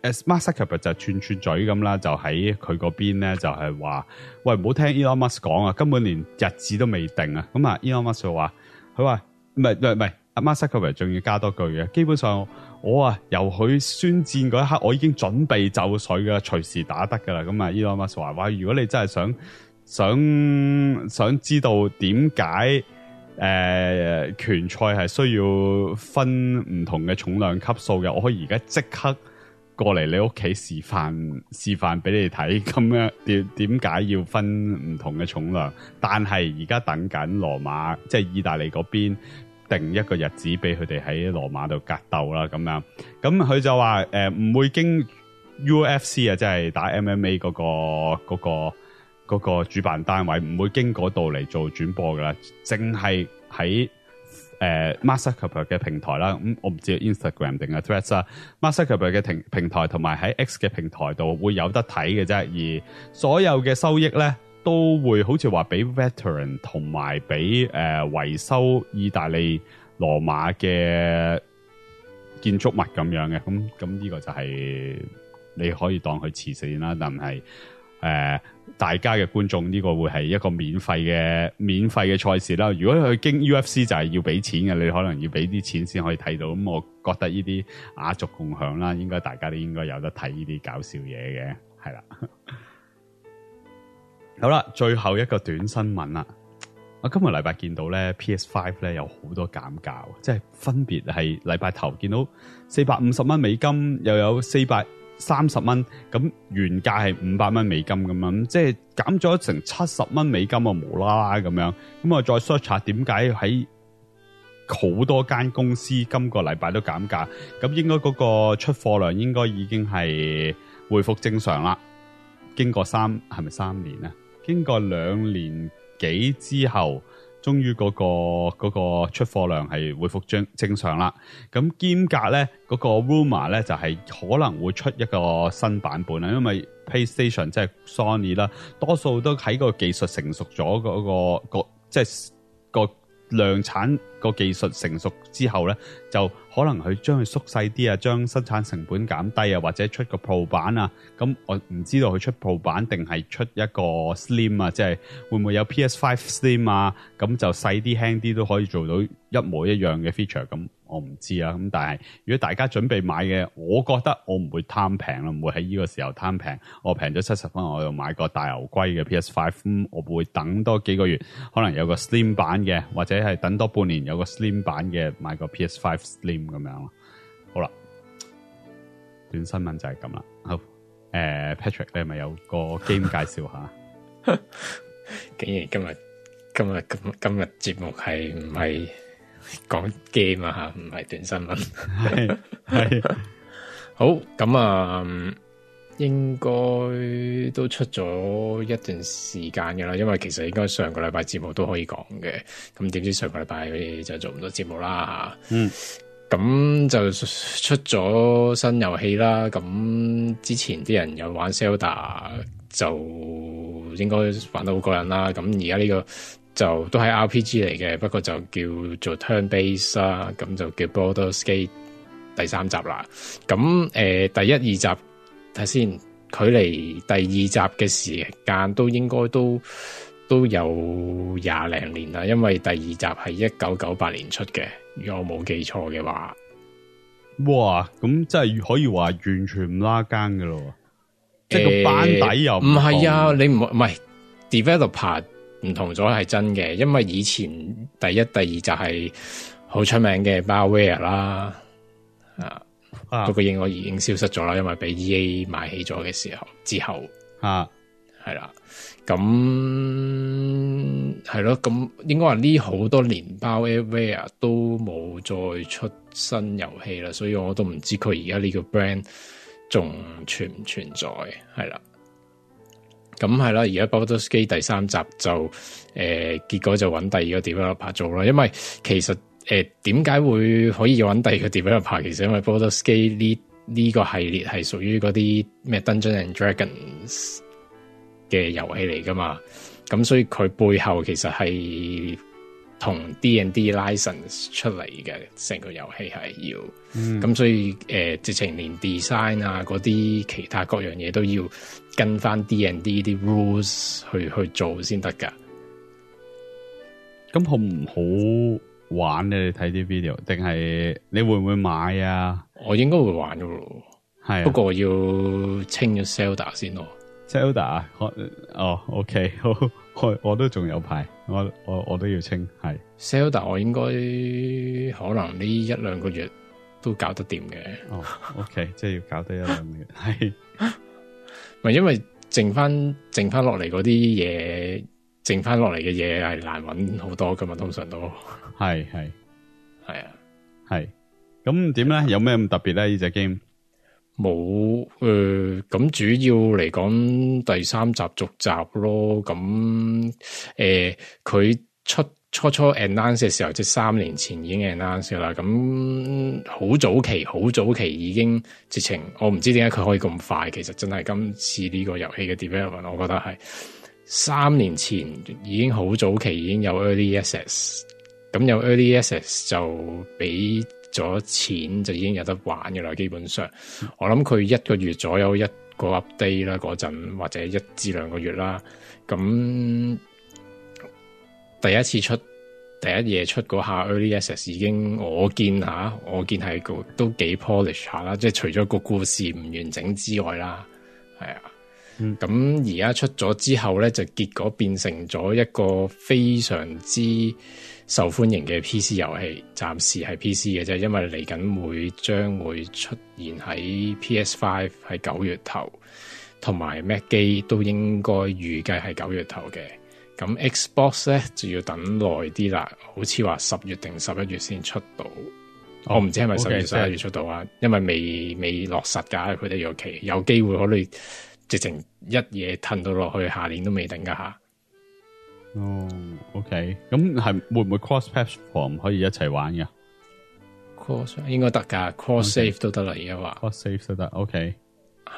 阿 Mark Zuckerberg 就串串嘴咁啦，就喺佢嗰邊咧，就係話，喂，唔好聽 elon musk 講啊，根本連日子都未定啊！咁啊，elon musk 就話，佢話唔係唔係阿 Mark Zuckerberg 仲要加多句嘅，基本上。我啊，由佢宣戰嗰一刻，我已經準備就緒噶，隨時打得噶啦。咁啊，Elon Musk 話：喂，如果你真係想想想知道點解誒拳賽係需要分唔同嘅重量級數嘅，我可以而家即刻過嚟你屋企示範示範俾你睇。咁樣點點解要分唔同嘅重量？但係而家等緊羅馬，即係意大利嗰邊。定一個日子俾佢哋喺羅馬度格鬥啦，咁樣，咁佢就話誒唔會經 UFC 啊，即係打 MMA 嗰個嗰個嗰個主辦單位唔會經嗰度嚟做轉播噶啦，淨係喺誒 Mastercard 嘅平台啦，咁我唔知 Instagram 定係啊 Threads 啊，Mastercard 嘅平平台同埋喺 X 嘅平台度會有得睇嘅啫，而所有嘅收益咧。都會好似話俾 veteran 同埋俾誒維修意大利羅馬嘅建築物咁樣嘅，咁咁呢個就係、是、你可以當佢慈善啦，但係誒、呃、大家嘅觀眾呢、呢個會係一個免費嘅免費嘅賽事啦。如果佢經 UFC 就係要俾錢嘅，你可能要俾啲錢先可以睇到。咁我覺得呢啲亞族共享啦，應該大家都應該有得睇呢啲搞笑嘢，嘅，係啦。 好啦，最後一個短新聞啦。我今日禮拜見到咧，PS5 咧有好多減價，即係分別係禮拜頭見到四百五十蚊美金，又有四百三十蚊，咁原價係五百蚊美金咁樣，即係減咗成七十蚊美金啊，無啦啦咁樣。咁我再 search 下點解喺好多間公司今個禮拜都減價？咁應該嗰個出貨量應該已經係恢復正常啦。經過三係咪三年啊？經過兩年幾之後，終於嗰、那個、那個出貨量係恢復正正常啦。咁兼夾咧，嗰、那個 rumor 咧就係、是、可能會出一個新版本啦，因為 PlayStation 即係 Sony 啦，多數都喺個技術成熟咗嗰個個即係個。個量產個技術成熟之後咧，就可能佢將佢縮細啲啊，將生產成本減低啊，或者出個 Pro 版啊。咁我唔知道佢出 Pro 版定係出一個 slim 啊，即係會唔會有 PS5 slim 啊？咁就細啲輕啲都可以做到一模一樣嘅 feature 咁。我唔知啊，咁但係如果大家準備買嘅，我覺得我唔會貪平咯，唔會喺呢個時候貪平。我平咗七十蚊，我又買個大牛龜嘅 P S five，我會等多幾個月，可能有個 Slim 版嘅，或者係等多半年有個 Slim 版嘅，買個 P S five Slim 咁樣咯。好啦，短新聞就係咁啦。好，誒、呃、Patrick，你咪有個 game 介紹下。 竟然今日今日今今日節目，係唔係？嗯講 game 啊吓，唔係段新聞係係好咁啊， 咁嗯、應該都出咗一段時間噶啦，因為其實應該上個禮拜節目都可以講嘅，咁點知上個禮拜就做唔到節目啦吓，嗯，咁就出咗新遊戲啦，咁之前啲人有玩 Zelda 就應該玩得好過癮啦，咁而家呢個。就都係 RPG 嚟嘅，不過就叫做 Turn Base 啦，咁就叫 Baldur's Gate 第三集啦。咁誒、呃，第一二集睇先，佢離第二集嘅時間都應該都都有廿零年啦，因為第二集係一九九八年出嘅，如果我冇記錯嘅話。哇，咁即係可以話完全唔拉更噶咯，即係個班底又唔係啊？你唔唔係 developer？唔同咗係真嘅，因為以前第一、第二就係好出名嘅 BioWare 啦，啊，不過應該已經消失咗啦，因為俾 E A 買起咗嘅時候之後，啊，係啦，咁係咯，咁應該話呢好多年 BioWare 都冇再出新遊戲啦，所以我都唔知佢而家呢個 brand 仲存唔存在，係啦。咁係啦，而家《Baldur's Gate》第三集就誒、呃，結果就揾第二個 developer 咯拍做啦。因為其實誒，點、呃、解會可以揾第二個 developer 拍？其實因為《Baldur's Gate》呢呢個系列係屬於嗰啲咩《Dungeon and Dragons》嘅遊戲嚟噶嘛。咁所以佢背後其實係同 D and D license 出嚟嘅，成個遊戲係要，咁、嗯、所以誒、呃，直情連 design 啊，嗰啲其他各樣嘢都要。跟翻 D and D 啲 rules 去去做先得噶，咁好唔好玩？你睇啲 video，定係你會唔會買啊？我應該會玩噶，係、啊、不過我要清咗 Zelda 先咯。Zelda 啊、oh,，哦，OK，好， 我我都仲有排，我我我都要清。係 Zelda，我應該可能呢一兩個月都搞得掂嘅。哦、oh,，OK， 即係要搞得一兩個月係。 咪因為剩翻剩翻落嚟嗰啲嘢，剩翻落嚟嘅嘢係難揾好多噶嘛，通常都係係係啊，係咁點咧？有咩咁特別咧？呢隻 game 冇誒，咁、呃、主要嚟講第三集續集咯，咁誒佢出。初初 announce 嘅時候，即係三年前已經 announce 啦。咁好早期，好早期已經直情，我唔知點解佢可以咁快。其實真係今次呢個遊戲嘅 development，我覺得係三年前已經好早期已經有 early access。咁有 early access 就俾咗錢，就已經有得玩嘅啦。基本上，我諗佢一個月左右一個 update 啦，嗰陣或者一至兩個月啦，咁。第一次出第一夜出嗰下 Early Access 已經我見吓我見係個都幾 polish 下啦，即係除咗個故事唔完整之外啦，係啊，嗯，咁而家出咗之後咧，就結果變成咗一個非常之受歡迎嘅 PC 遊戲，暫時係 PC 嘅啫，因為嚟緊會將會出現喺 PS Five 喺九月頭同埋 Mac 機都應該預計係九月頭嘅。咁 Xbox 咧就要等耐啲啦，好似話十月定十一月先出到，哦、我唔知係咪十月十一、哦 okay, 月出到啊，嗯、因為未未落實噶佢哋約期，有機會可能直情一嘢褪到落去，下年都未定噶吓。哦，OK，咁係會唔會 Cross Platform 可以一齊玩噶？Cross 應該得噶，Cross Save 都得啦而家話，Cross Save 都得，OK。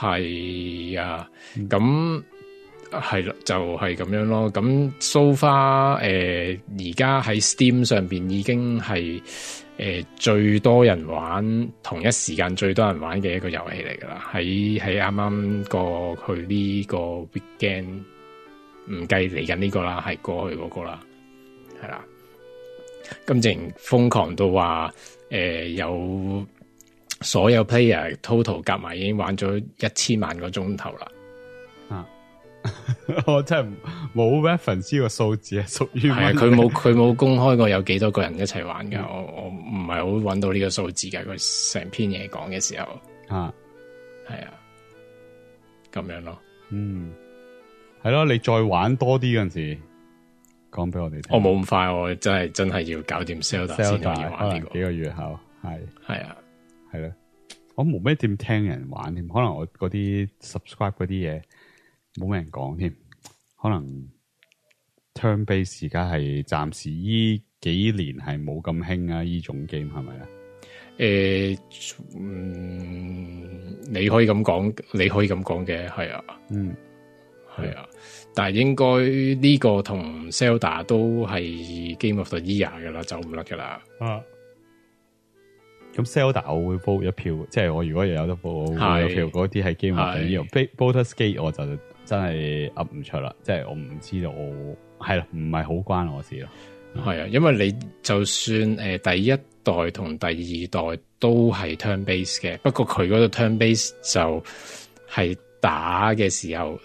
係啊，咁係啦，就係、是、咁樣咯。咁、so 呃 far 誒而家喺 Steam 上邊已經係誒、呃、最多人玩，同一時間最多人玩嘅一個遊戲嚟噶啦。喺喺啱啱過去呢個 weekend，唔計嚟緊呢個啦，係過去嗰個啦，係啦，咁正瘋狂到話誒、呃、有。所有 player total 夾埋已經玩咗一千萬個鐘頭啦！啊， 我真係冇 reference 個數字啊，屬於係佢冇佢冇公開過有幾多個人一齊玩噶、嗯，我我唔係好揾到呢個數字噶。佢成篇嘢講嘅時候啊，係啊，咁樣咯，嗯，係咯、啊，你再玩多啲嗰陣時，講俾我哋聽，我冇咁快，我真係真係要搞掂 seller 先可以玩呢個，幾個月後係係啊。係咯，我冇咩點聽人玩添，可能我嗰啲 subscribe 嗰啲嘢冇咩人講添，可能 turn base 而家係暫時依幾年係冇咁興啊，依種 game 係咪啊？誒、欸，嗯，你可以咁講，你可以咁講嘅，係啊，嗯，係啊，但係應該呢個同 Zelda 都係 Game of the Year 噶啦，走唔甩噶啦，啊。咁 Selda 我會 vote 一票，即係我如果又有得 vote，我會 vote 一票。嗰啲係基本上呢樣 Baldur's Gate 我就真係 up 唔出啦，即係我唔知道，係啦，唔係好關我事咯。係啊、嗯，因為你就算第一代同第二代都係 turn base 嘅，不過佢嗰度 turn base 就係打嘅時候。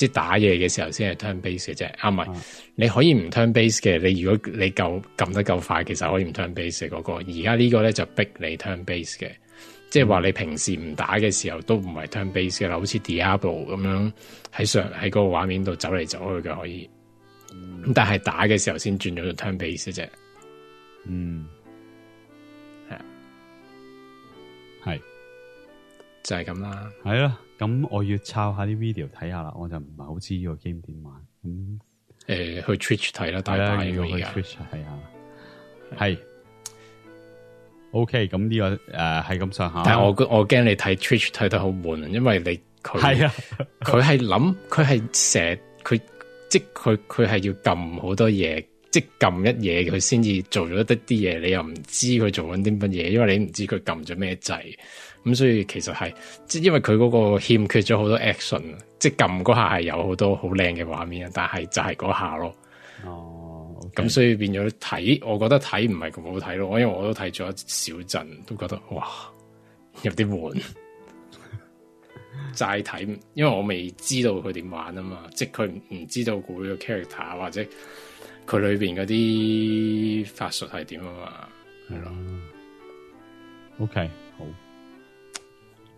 即打嘢嘅時候先係 turn base 嘅啫，啱唔係？你可以唔 turn base 嘅，你如果你夠撳得夠快，其實可以唔 turn base 嗰個。而家呢個咧就逼你 turn base 嘅，即係話你平時唔打嘅時候都唔係 turn base 嘅啦，好似 Diablo 咁樣喺上喺嗰個畫面度走嚟走去嘅可以。咁但係打嘅時候先轉咗個 turn base 嘅啫。嗯，係、啊，係，就係咁啦。係啊。咁我要抄下啲 video 睇下啦，我就唔係好知呢個 game 點玩。咁誒、呃，去 Twitch 睇啦，大家睇下要去 Twitch 係啊，係。OK，咁呢個誒係咁上下，但係我我驚你睇 Twitch 睇得好悶，因為你佢係啊，佢係諗，佢係成，佢即佢佢係要撳好多嘢，即撳一嘢佢先至做咗一啲嘢，你又唔知佢做緊啲乜嘢，因為你唔知佢撳咗咩掣。咁所以其實係即係因為佢嗰個欠缺咗好多 action，即係撳嗰下係有好多好靚嘅畫面，但係就係嗰下咯。哦，咁所以變咗睇，我覺得睇唔係咁好睇咯。因為我都睇咗一小陣，都覺得哇，有啲悶。 再睇，因為我未知道佢點玩啊嘛，即係佢唔知道佢個 character 或者佢裏邊嗰啲法術係點啊嘛，係咯。mm-hmm. OK。Okay.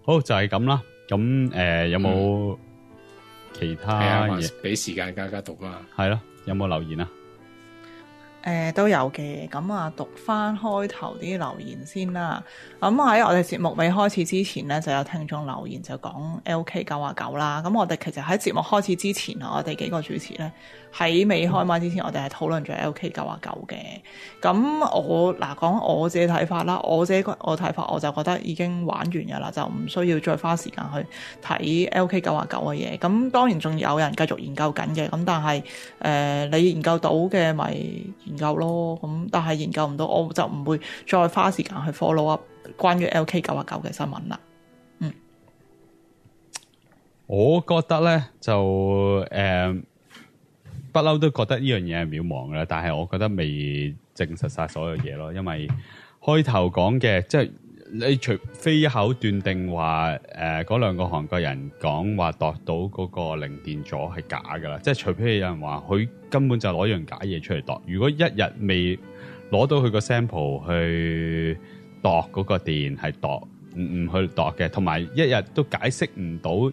好，就係咁啦，咁誒、呃、有冇、嗯、其他嘢？俾時間大家讀啊。係咯，有冇留言啊？誒、呃，都有嘅，咁啊讀翻開頭啲留言先啦。咁喺我哋節目未開始之前咧，就有聽眾留言就講 L K 九啊九啦。咁我哋其實喺節目開始之前，我哋幾個主持咧。喺未開咪之前，我哋係討論咗 LK 九啊九嘅。咁我嗱講我自己睇法啦，我自己個我睇法我就覺得已經玩完㗎喇，就唔需要再花時間去睇 LK 九啊九嘅嘢。咁當然仲有人繼續研究緊嘅，咁但係誒、呃、你研究到嘅咪研究咯。咁但係研究唔到，我就唔會再花時間去 follow up 關於 LK 九啊九嘅新聞啦。嗯，我覺得咧就誒。嗯不嬲都覺得呢樣嘢係渺茫嘅啦，但係我覺得未證實晒所有嘢咯。因為開頭講嘅即係你除非一口斷定話誒嗰兩個韓國人講話度到嗰個零電阻係假㗎啦，即係除非有人話佢根本就攞樣假嘢出嚟度。如果一日未攞到佢個 sample 去度嗰個電係度唔唔去度嘅，同埋一日都解釋唔到。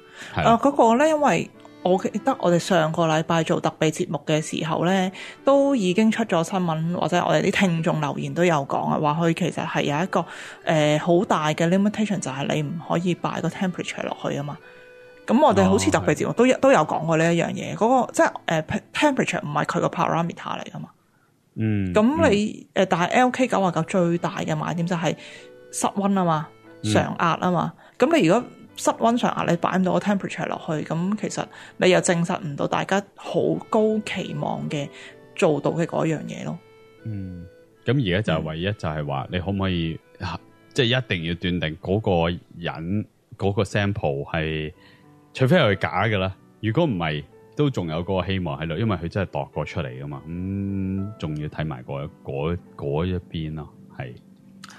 啊嗰、啊那個咧，因為我記得我哋上個禮拜做特別節目嘅時候咧，都已經出咗新聞，或者我哋啲聽眾留言都有講啊，話佢其實係有一個誒好、呃、大嘅 limitation，就係你唔可以擺個 temperature 落去啊嘛。咁我哋好似特別節目都、哦、都有講過呢一樣嘢，嗰、那個即係誒、呃、temperature 唔係佢個 parameter 嚟噶嘛。嗯。咁你誒、嗯，但係 LK 九九最大嘅賣點就係室溫啊嘛，常壓啊嘛。咁你如果室溫上壓力擺唔到個 temperature 落去，咁其實你又證實唔到大家好高期望嘅做到嘅嗰樣嘢咯。嗯，咁而家就係唯一就係話你可唔可以，即、嗯、係、就是、一定要斷定嗰個人嗰、嗰個 sample 係，除非係佢假噶啦。如果唔係，都仲有個希望喺度，因為佢真係度過出嚟噶嘛。咁、嗯、仲要睇埋嗰一邊咯，係。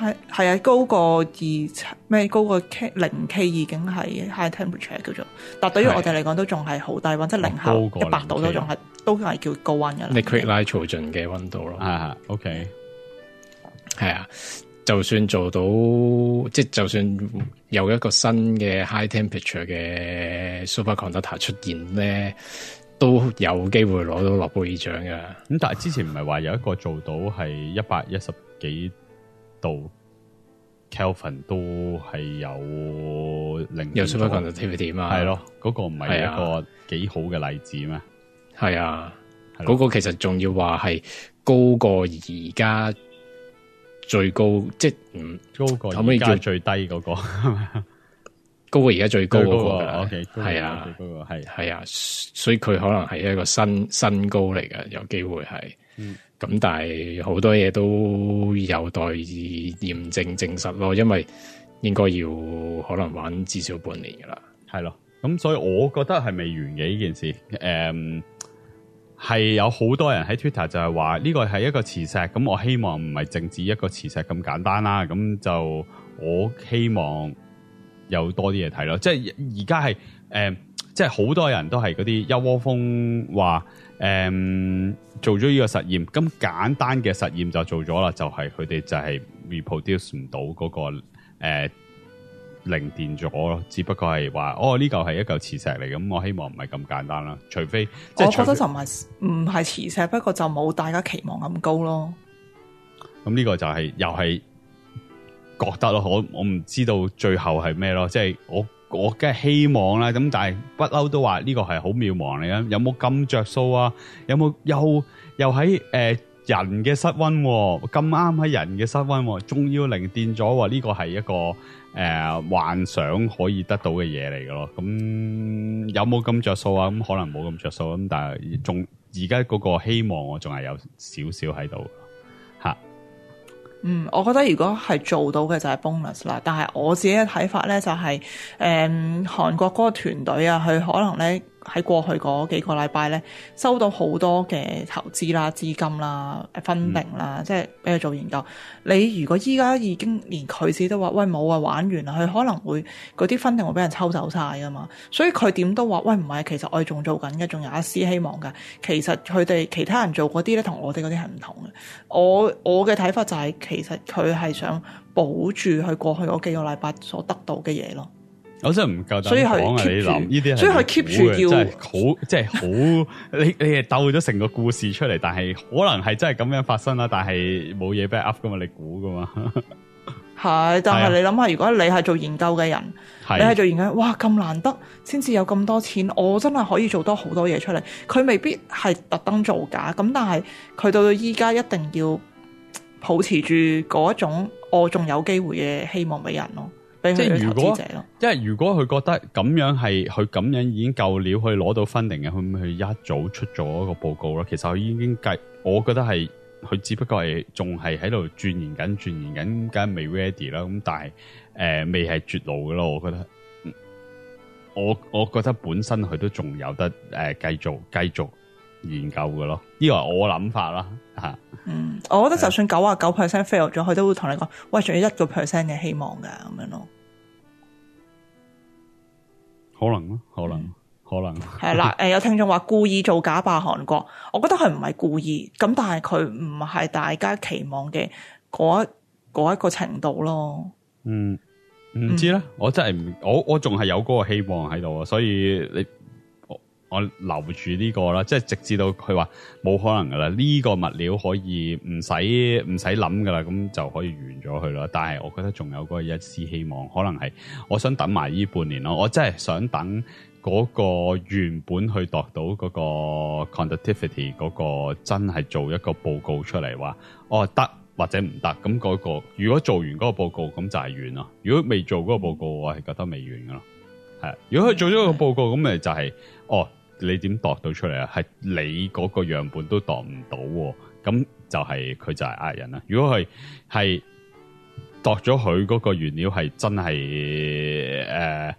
係係啊，高過二七咩？高過 K 零 K 已經係 high temperature 叫做，但係對於我哋嚟講都仲係好低溫，即係零下一百度高過都仲係都係叫高溫嘅。Liquid nitrogen 嘅溫度咯、嗯，啊 OK，係啊，就算做到即係，就算有一個新嘅 high temperature 嘅 superconductor 出現咧，都有機會攞到諾貝爾獎嘅。咁 但係之前唔係話有一個做到係一百一十幾？到 Kelvin 都係有另有 superconductivity 嘛？係咯、啊，嗰、嗰個唔係一個幾好嘅例子咩？係啊，嗰、嗰個其實仲要話係高過而家最高，即係唔高過而家最低嗰個，高過而家最、嗰個、 最高嗰個、嗰個。係啊，okay, 係 okay, 係 okay, 嗰個係係啊，所以佢可能係一個新新高嚟嘅，有機會係嗯。咁但係好多嘢都有待驗證證實咯，因為應該要可能玩至少半年噶啦，係咯。咁所以我覺得係未完嘅呢件事，誒、嗯，係有好多人喺 Twitter 就係話呢個係一個磁石，咁我希望唔係淨止一個磁石咁簡單啦，咁就我希望有多啲嘢睇咯。即係而家係誒，即係好多人都係嗰啲一窩蜂話。誒、嗯，做咗呢個實驗，咁簡單嘅實驗就做咗啦，就係佢哋就係 reproduce 唔到嗰、那個誒、呃、零電阻咯，只不過係話哦呢嚿係一嚿磁石嚟，咁我希望唔係咁簡單啦，除非即係、就是、我覺得就唔係唔係磁石，不過就冇大家期望咁高咯。咁呢個就係、是、又係覺得咯，我我唔知道最後係咩咯，即、就、係、是、我。我嘅希望啦，咁但係不嬲都話呢個係好渺茫嚟嘅。有冇咁着數啊？有冇又又喺誒人嘅室溫咁啱喺人嘅室溫，終於零電咗，話呢個係一個誒幻想可以得到嘅嘢嚟嘅咯。咁有冇咁着數啊？咁可能冇咁着數咁，但係仲而家嗰個希望，我仲係有少少喺度。嗯，我覺得如果係做到嘅就係 bonus 啦，但係我自己嘅睇法咧就係、是，誒、嗯、韓國嗰個團隊啊，佢可能咧。喺過去嗰幾個禮拜咧，收到好多嘅投資啦、資金啦、分定啦，即係俾佢做研究。你如果依家已經連佢自己都話，喂，冇啊，玩完啦！佢可能會嗰啲分定會俾人抽走晒噶嘛。所以佢點都話，喂，唔係，其實我哋仲做緊嘅，仲有一絲希望㗎。其實佢哋其他人做嗰啲咧，同我哋嗰啲係唔同嘅。我我嘅睇法就係，其實佢係想保住佢過去嗰幾個禮拜所得到嘅嘢咯。我真係唔夠膽講，你諗呢啲，所以佢 keep 住要好，即係好。你所以、即係即係、 你誒，鬥咗成個故事出嚟，但係可能係真係咁樣發生啦。但係冇嘢俾 up 噶嘛？你估噶嘛？係， 但係你諗下，如果你係做研究嘅人，你係做研究，哇，咁難得先至有咁多錢，我真係可以做多好多嘢出嚟。佢未必係特登做假，咁但係佢到到依家一定要保持住嗰種我仲有機會嘅希望俾人咯。即係如果，即係如果佢覺得咁樣係佢咁樣已經夠料，佢攞到分定啊，佢唔去一早出咗個報告啦。其實佢已經計，我覺得係佢只不過係仲係喺度鑽研緊、鑽研緊，梗係未 ready 啦。咁但係誒、呃，未係絕路噶咯。我覺得，我我覺得本身佢都仲有得誒，繼續繼續，繼續研究嘅咯，呢個係我諗法啦，吓。嗯，我覺得就算九啊九 percent fail 咗，佢都會同你講，喂，仲有一個 percent 嘅希望噶，咁樣咯。可能，可能，嗯、可能。係、嗯、啦，誒，有聽眾話故意造假霸韓國，我覺得佢唔係故意，咁但係佢唔係大家期望嘅嗰一,一個程度咯。嗯，唔知咧、嗯，我真係唔，我我仲係有嗰個希望喺度啊，所以你。我留住呢、這個啦，即係直至到佢話冇可能噶啦，呢、這個物料可以唔使唔使諗噶啦，咁就可以完咗佢啦。但係我覺得仲有嗰一絲希望，可能係我想等埋呢半年咯。我真係想等嗰個原本去度到嗰個 conductivity 嗰個真係做一個報告出嚟話，哦，得或者唔得咁嗰個。如果做完嗰個報告，咁就係完咯。如果未做嗰個報告，我係覺得未完噶咯。如果佢做咗個報告，咁咪就係、是、哦。你點度到出嚟啊？係你嗰個樣本都度唔到，咁就係、是、佢就係呃人啦。如果係係度咗佢嗰個原料係真係誒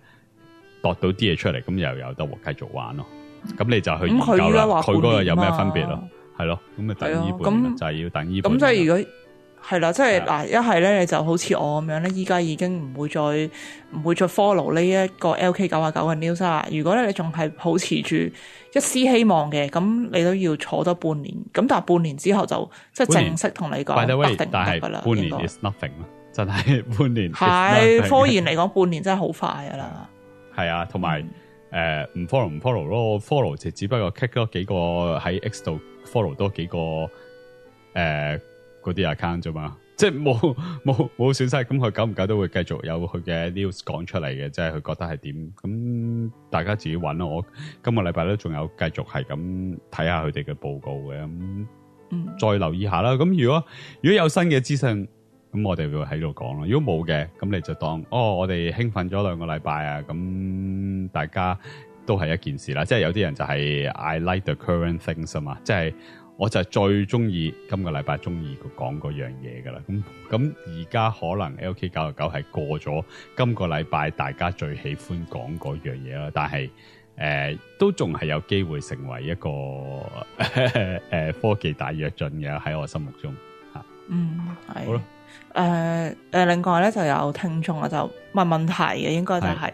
度到啲嘢出嚟，咁又有得繼續玩咯。咁你就去研究啦。佢嗰、嗯、個有咩分別咯？係、啊、咯，咁咪等於本、啊、就係要等於本。係啦，即係嗱，一係咧，你就好似我咁樣咧，依家已經唔會再唔會再 follow 呢一個 LK 九啊九嘅 news 啦。如果咧你仲係保持住一絲希望嘅，咁你都要坐多半年。咁但係半年之後就即係正式同你講 nothing 但係噶啦，半年 is nothing 啦，真係半年。係科研嚟講，半年真係好快噶啦。係啊，同埋誒唔 follow 唔 follow 咯，follow 就只不過 catch 幾個喺 X 度 follow 多幾個誒。呃嗰啲 account 啫嘛，即係冇冇冇損失，咁佢久唔久都會繼續有佢嘅 news 講出嚟嘅，即係佢覺得係點，咁大家自己揾咯我今個禮拜都仲有繼續係咁睇下佢哋嘅報告嘅，咁再留意下啦。咁如果如果有新嘅資訊，咁我哋會喺度講咯。如果冇嘅，咁你就當哦，我哋興奮咗兩個禮拜啊，咁大家都係一件事啦。即係有啲人就係 I like the current things 啊嘛，即係。我就最中意今個禮拜中意佢講嗰樣嘢噶啦。咁咁而家可能 LK99 係過咗今個禮拜，大家最喜歡講嗰樣嘢啦。但係誒、呃，都仲係有機會成為一個誒、 呃、科技大躍進嘅。喺我心目中吓。嗯，係好啦。誒、呃、誒，另外咧就有聽眾我就問問題嘅，應該就係、是。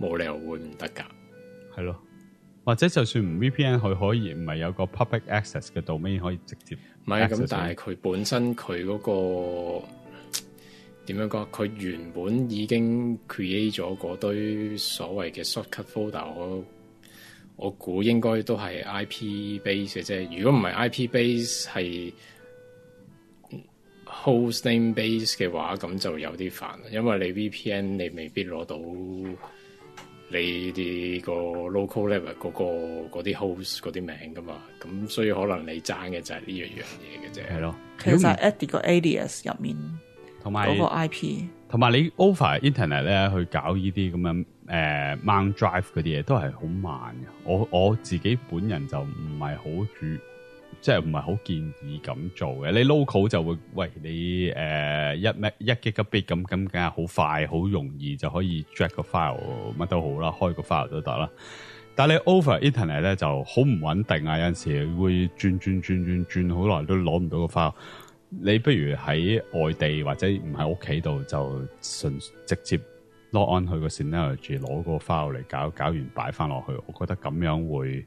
冇理由會唔得噶，係咯？或者就算唔 VPN，佢可以唔係有個 public access 嘅 domain 可以直接？唔係咁，但係佢本身佢嗰個點樣講？佢原本已經 create 咗嗰堆所謂嘅 shortcut folder，我我估應該都係 IP base 嘅啫。如果唔係 IP base 係 hostname base 嘅話，咁就有啲煩，因為你 VPN 你未必攞到。你啲個 local level 嗰、嗰個嗰啲、嗰個、host 嗰啲名噶嘛，咁所以可能你爭嘅就係呢樣樣嘢嘅啫。係咯，其實 edit 個 alias 入面同埋嗰個 IP，同埋你 offer internet 咧去搞呢啲咁樣誒 mount drive 嗰啲嘢都係好慢嘅。我我自己本人就唔係好主。即係唔係好建議咁做嘅，你 local 就會，喂，你誒一咩一幾個 bit 咁，咁梗係好快，好容易就可以 drag 個 file 乜都好啦，開個 file 都得啦。但你 over internet 咧就好唔穩定啊，有陣時會轉轉轉轉轉好耐都攞唔到個 file。你不如喺外地或者唔喺屋企度就純直接 lock on 去個 server 住攞個 file 嚟搞，搞完擺翻落去，我覺得咁樣會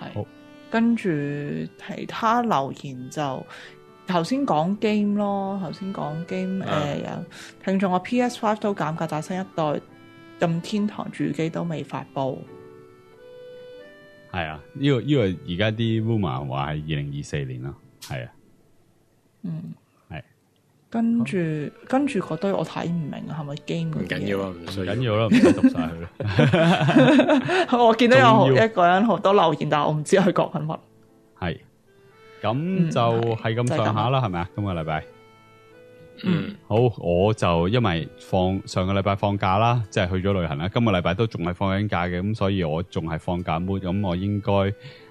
係，oh。跟住其他留言就頭先講 game 咯，頭先講 game，誒、ah。有、呃、聽眾話 PS Five 都減價，大生一代任天堂主機都未發佈。係啊，呢個呢個而家啲 rumor 話係二零二四年咯，係啊。嗯。跟住，跟住嗰堆我睇唔明，係咪 game 嘅嘢？唔緊要啊，唔緊要啦，唔通讀晒佢？我見到有一個人好多留言，但係我唔知佢講緊乜。係，咁就係咁上下啦，係咪啊？今個禮拜。嗯，好，我就因為放上個禮拜放假啦，即係去咗旅行啦。今個禮拜都仲係放緊假嘅，咁所以我仲係放假末，咁我應該。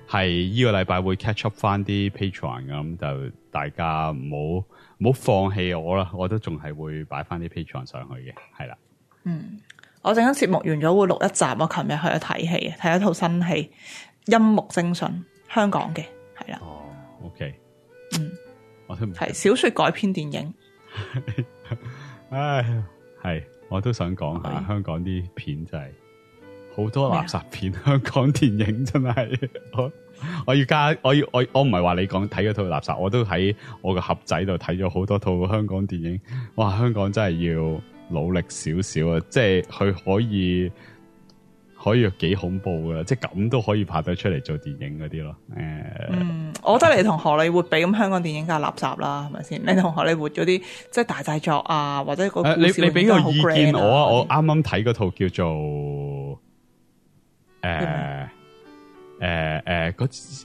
係呢、這個禮拜會 catch up 翻啲 Patreon 咁，就大家唔好唔好放棄我啦，我都仲係會擺翻啲 Patreon 上去嘅，係啦。嗯，我陣間節目完咗會錄一集。我琴日去咗睇戲，睇一套新戲《音樂精神》。香港嘅，係啦。哦，OK。嗯，我都係小說改編電影。 唉，係，我都想講下香港啲片制。好多垃圾片，香港電影真係， 我我而家，我要我我唔係話你講睇嗰套垃圾，我都喺我個盒仔度睇咗好多套香港電影。哇，香港真係要努力少少啊！即係佢可以可以幾恐怖噶，即係咁都可以拍得出嚟做電影嗰啲咯。誒、嗯， 我覺得你同荷里活比，咁香港電影梗係垃圾啦，係咪先？你同荷里活嗰啲即係大製作啊，或者、啊、你你俾個意見我啊，我啱啱睇嗰套叫做。誒誒誒，誒呃，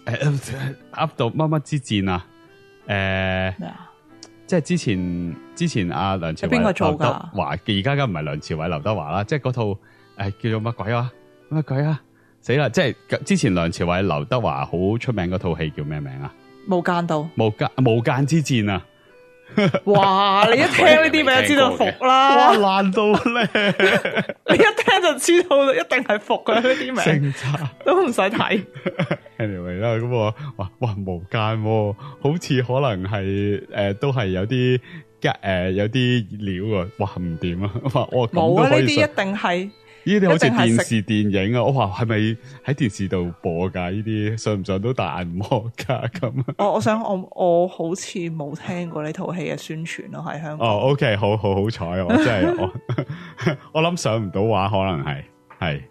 呃，噏到乜乜之戰啊？誒、呃，即係之前之前阿、啊、梁朝偉劉，邊個做㗎？劉德華而家梗唔係梁朝偉劉德華啦，即係嗰套誒叫做乜鬼啊？乜鬼啊？死啦！即係之前梁朝偉劉德華好出名嗰套戲叫咩名啊？無間道，無間無間之戰啊！.哇！你一聽呢啲名，知道就服啦。哇，爛到咧， 你一聽就知道一定係服嘅呢啲名，都唔使睇。Anyway 啦，咁我話哇哇無間、哦，好似可能係誒、呃，都係有啲誒、呃，有啲料啊。哇，唔掂啊！哇，我冇啊，呢啲一定係。呢啲好似電視電影啊！我話係咪喺電視度播噶、啊？呢啲上唔上到大銀幕噶、啊、咁？我想我想我我好似冇聽過呢套戲嘅宣傳咯、啊，喺香港哦。O、okay, K，好，好好彩我真係 我我諗上唔到畫，可能係係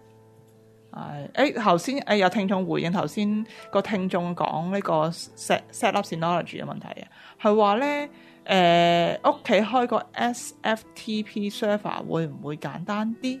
係誒。頭先誒有聽眾回應頭先個聽眾講呢個 set set up synology 嘅問題啊，係話咧誒，屋、呃、企開個 SFTP server 會唔會簡單啲？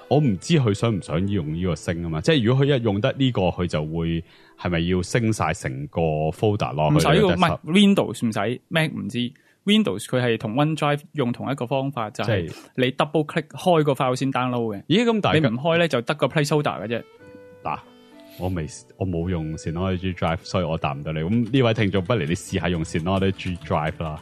我唔知佢想唔想用呢個升啊嘛，即係如果佢一用得、這、呢個，佢就會係咪要升晒成個 folder 落去唔使，Windows 唔使，Mac 唔知 Windows 佢係同 OneDrive 用同一個方法，就係、是、你 double click 開個 file 先 download 嘅。咦，咁但你唔開咧，就得個 placeholder 嘅啫。嗱，我未我冇用 Synology Drive，所以我答唔到你。咁呢位聽眾，不如你試下用 Synology Drive 啦。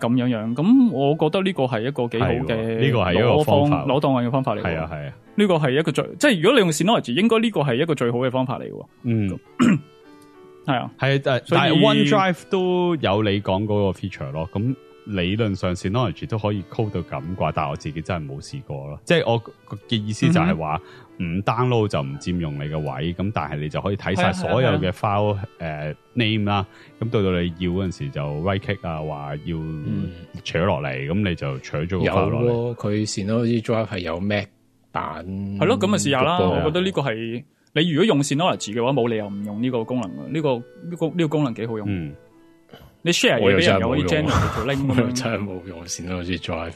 咁樣樣，咁我覺得呢個係一個幾好嘅，呢個係一個方法攞檔案嘅方法嚟。係啊係啊，呢、這個係一個最，即係如果你用 Synology，應該呢個係一個最好嘅方法嚟嘅。嗯，係啊，係 但係 OneDrive 都有你講嗰個 feature 咯。咁。理論上 Synology 都可以 call 到咁啩，但係我自己真係冇試過咯。即係我嘅意思就係話，唔、嗯、download 就唔佔用你嘅位置，咁但係你就可以睇晒所有嘅 file 誒 name 啦。咁、呃、到、啊、到你要嗰陣時候就 right click 啊，話要取落嚟，咁、嗯、你就取咗個 file 咯。佢 Synology Drive 係有 Mac 版？係咯，咁咪試下啦。我覺得呢個係你如果用 Synology 嘅話，冇理由唔用呢個功能。呢、這個呢個呢個功能幾好用的。嗯你 share 你畀人有真用， 真用，不用，你嘅 channel，你條 link，你個車冇用線囉。好似 Drive，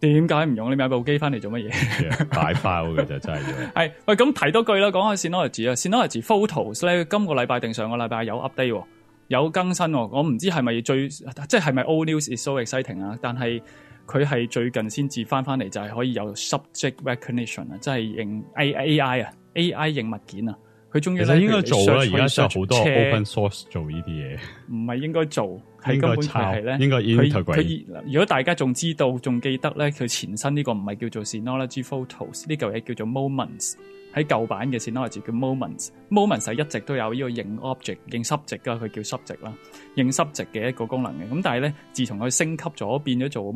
點解唔用？你買部機返嚟做乜嘢？大包嘅就真係要。喂，咁提多句啦，講下 Synology 啦。Synology Photos 呢，今個禮拜定上個禮拜有 update 喎，有更新喎。我唔知係咪最，即係咪 all news is so exciting 啊？但係佢係最近先至返返嚟，就係可以有 subject recognition 啊，即係認 AI 啊，AI 認物件啊。佢終於咧，其實應該做啦。而家真係好多 open source 做呢啲嘢。唔係應該做，係根本就係咧。應該 integrate 如果大家仲知道、仲記得咧，佢前身呢個唔係叫做 Synology Photos，呢嚿嘢叫做 Moments。喺舊版嘅 Synology 叫 Moments，Moments 係 Moments 一直都有呢個認 object 認、啊啊、認 subject 嘅，佢叫 subject 啦，認 subject 嘅一個功能嘅。咁但係咧，自從佢升級咗，變咗做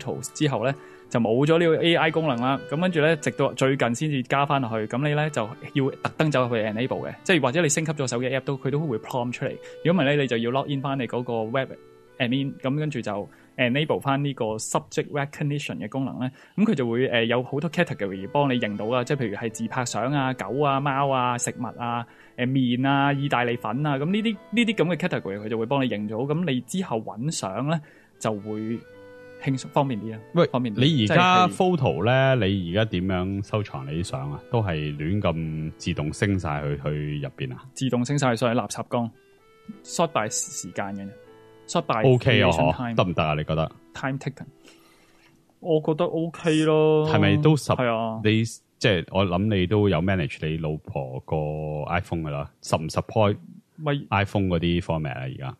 Photos 之後咧。就冇咗呢個 AI 功能啦，咁跟住咧，直到最近先至加翻落去。咁你咧就要特登走去 enable 嘅，即係或者你升級咗手機 app 都佢都會 prompt 出嚟。如果唔係咧，你就要 log in 翻你嗰個 web admin，咁跟住就 enable 翻呢個 subject recognition 嘅功能咧。咁佢就會有好多 category 幫你認到啊，即係譬如係自拍相啊、狗啊、貓啊、食物啊、誒麵啊、意大利粉啊，咁呢啲呢啲咁嘅 category 佢就會幫你認到。咁你之後揾相咧就會。輕鬆方便啲啊！喂，方便啲。你而家 photo 咧？你而家點樣收藏你啲相啊？都係亂咁自動升晒去去入邊啊？自動升晒晒垃圾缸 sort by 時間嘅啫 sort by O K 啊，嗬，得唔得啊？你覺得？Time taken，我覺得 O K 咯。係咪都十係啊？你即係、就是、我諗你都有 manage 你老婆個 iPhone 噶啦，十唔 support iPhone 嗰啲 format 啊？而家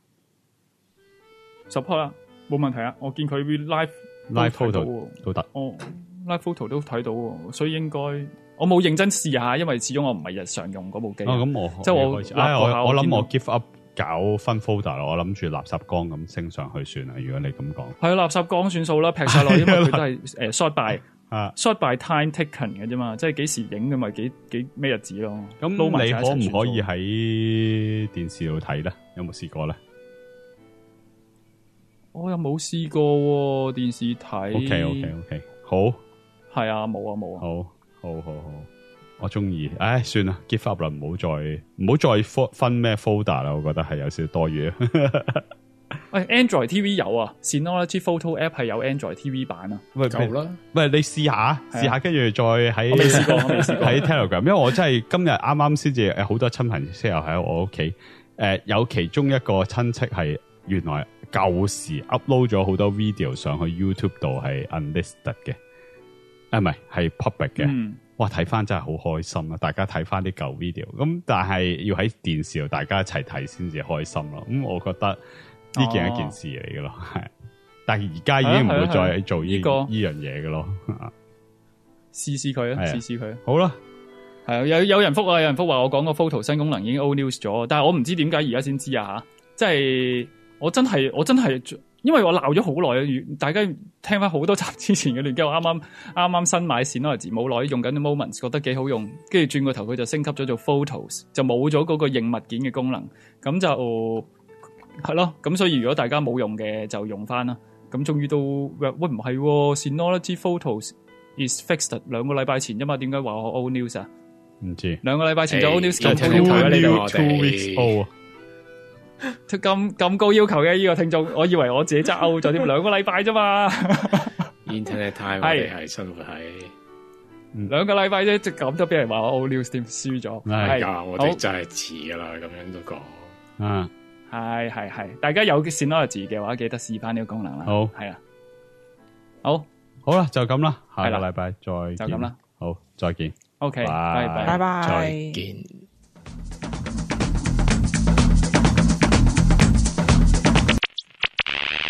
support 啦、啊。冇問題啊，我見佢 live live photo 都得，哦，live photo 都睇到，所以應該我冇認真試下，因為始終我唔係日常用嗰部機。咁、啊啊啊啊、我即係我，我諗我，我 give up 搞分 folder 我諗住垃圾缸咁升上去算啦。如果你咁講，係、嗯、垃圾缸算數啦，劈晒落，因為佢都係誒、 uh，short by 啊，short by time taken 嘅啫嘛，即係幾時影嘅咪幾幾咩日子咯。咁、嗯、你可唔可以喺電視度睇咧？有冇試過咧？我、哦、又冇試過、啊、電視睇。OK OK OK，好。係啊，冇啊，冇啊。好，好，好，好。我中意。唉，算啦，give up 啦，唔好再，唔好再分咩 folder 啦。我覺得係有少少多餘。喂、 哎、Android TV 有啊 Synology Photo App 係有 Android TV 版啊。咪就啦，喂，你試下，試、啊、下，跟住再喺，喺 Telegram。因為我真係今日啱啱先至有好多親朋戚友喺我屋企。誒、 呃，有其中一個親戚係原來。舊時 upload 咗好多 video 上去 YouTube 度係 unlisted 嘅，啊，唔係係 public 嘅，嗯、哇，睇翻真係好開心啊！大家睇翻啲舊 video，咁但係要喺電視度大家一齊睇先至開心咯。咁、嗯、我覺得呢件係一件事嚟嘅咯，係、啊，但係而家已經唔會再做呢、啊啊啊啊這個呢、這個、樣嘢嘅咯。試試佢啦，試試佢。好啦，係、啊、有有人覆話，有人覆話我講個 photo 新功能已經 old news 咗，但係我唔知點解而家先知啊吓，即係。我真係我真係，因為我鬧咗好耐啊！大家聽翻好多集之前嘅亂 gad，我啱啱啱啱新買 Synology 冇耐用緊啲 Moments 覺得幾好用。跟住轉個頭，佢就升級咗做 photos，就冇咗嗰個認物件嘅功能。咁就係咯。咁、哦、所以如果大家冇用嘅就用翻啦。咁終於都，喂唔係，Synology photos is fixed 兩個禮拜前啫嘛？點解話 old news 啊？唔知兩個禮拜前就 old news 就 two weeks old 咁咁高要求嘅呢個聽眾，我以為我自己執歐咗添兩個禮拜啫嘛。Internet time 係係生活喺兩個禮拜啫，即咁都俾人話我 lost 添輸咗。係啊，我哋真係遲㗎啦，咁樣都講。啊，係係係，大家有線文字嘅話，記得試翻呢個功能啦。好係啊，好好啦，就咁啦，下個禮拜再就咁啦。好再見。OK，拜拜拜拜，再見。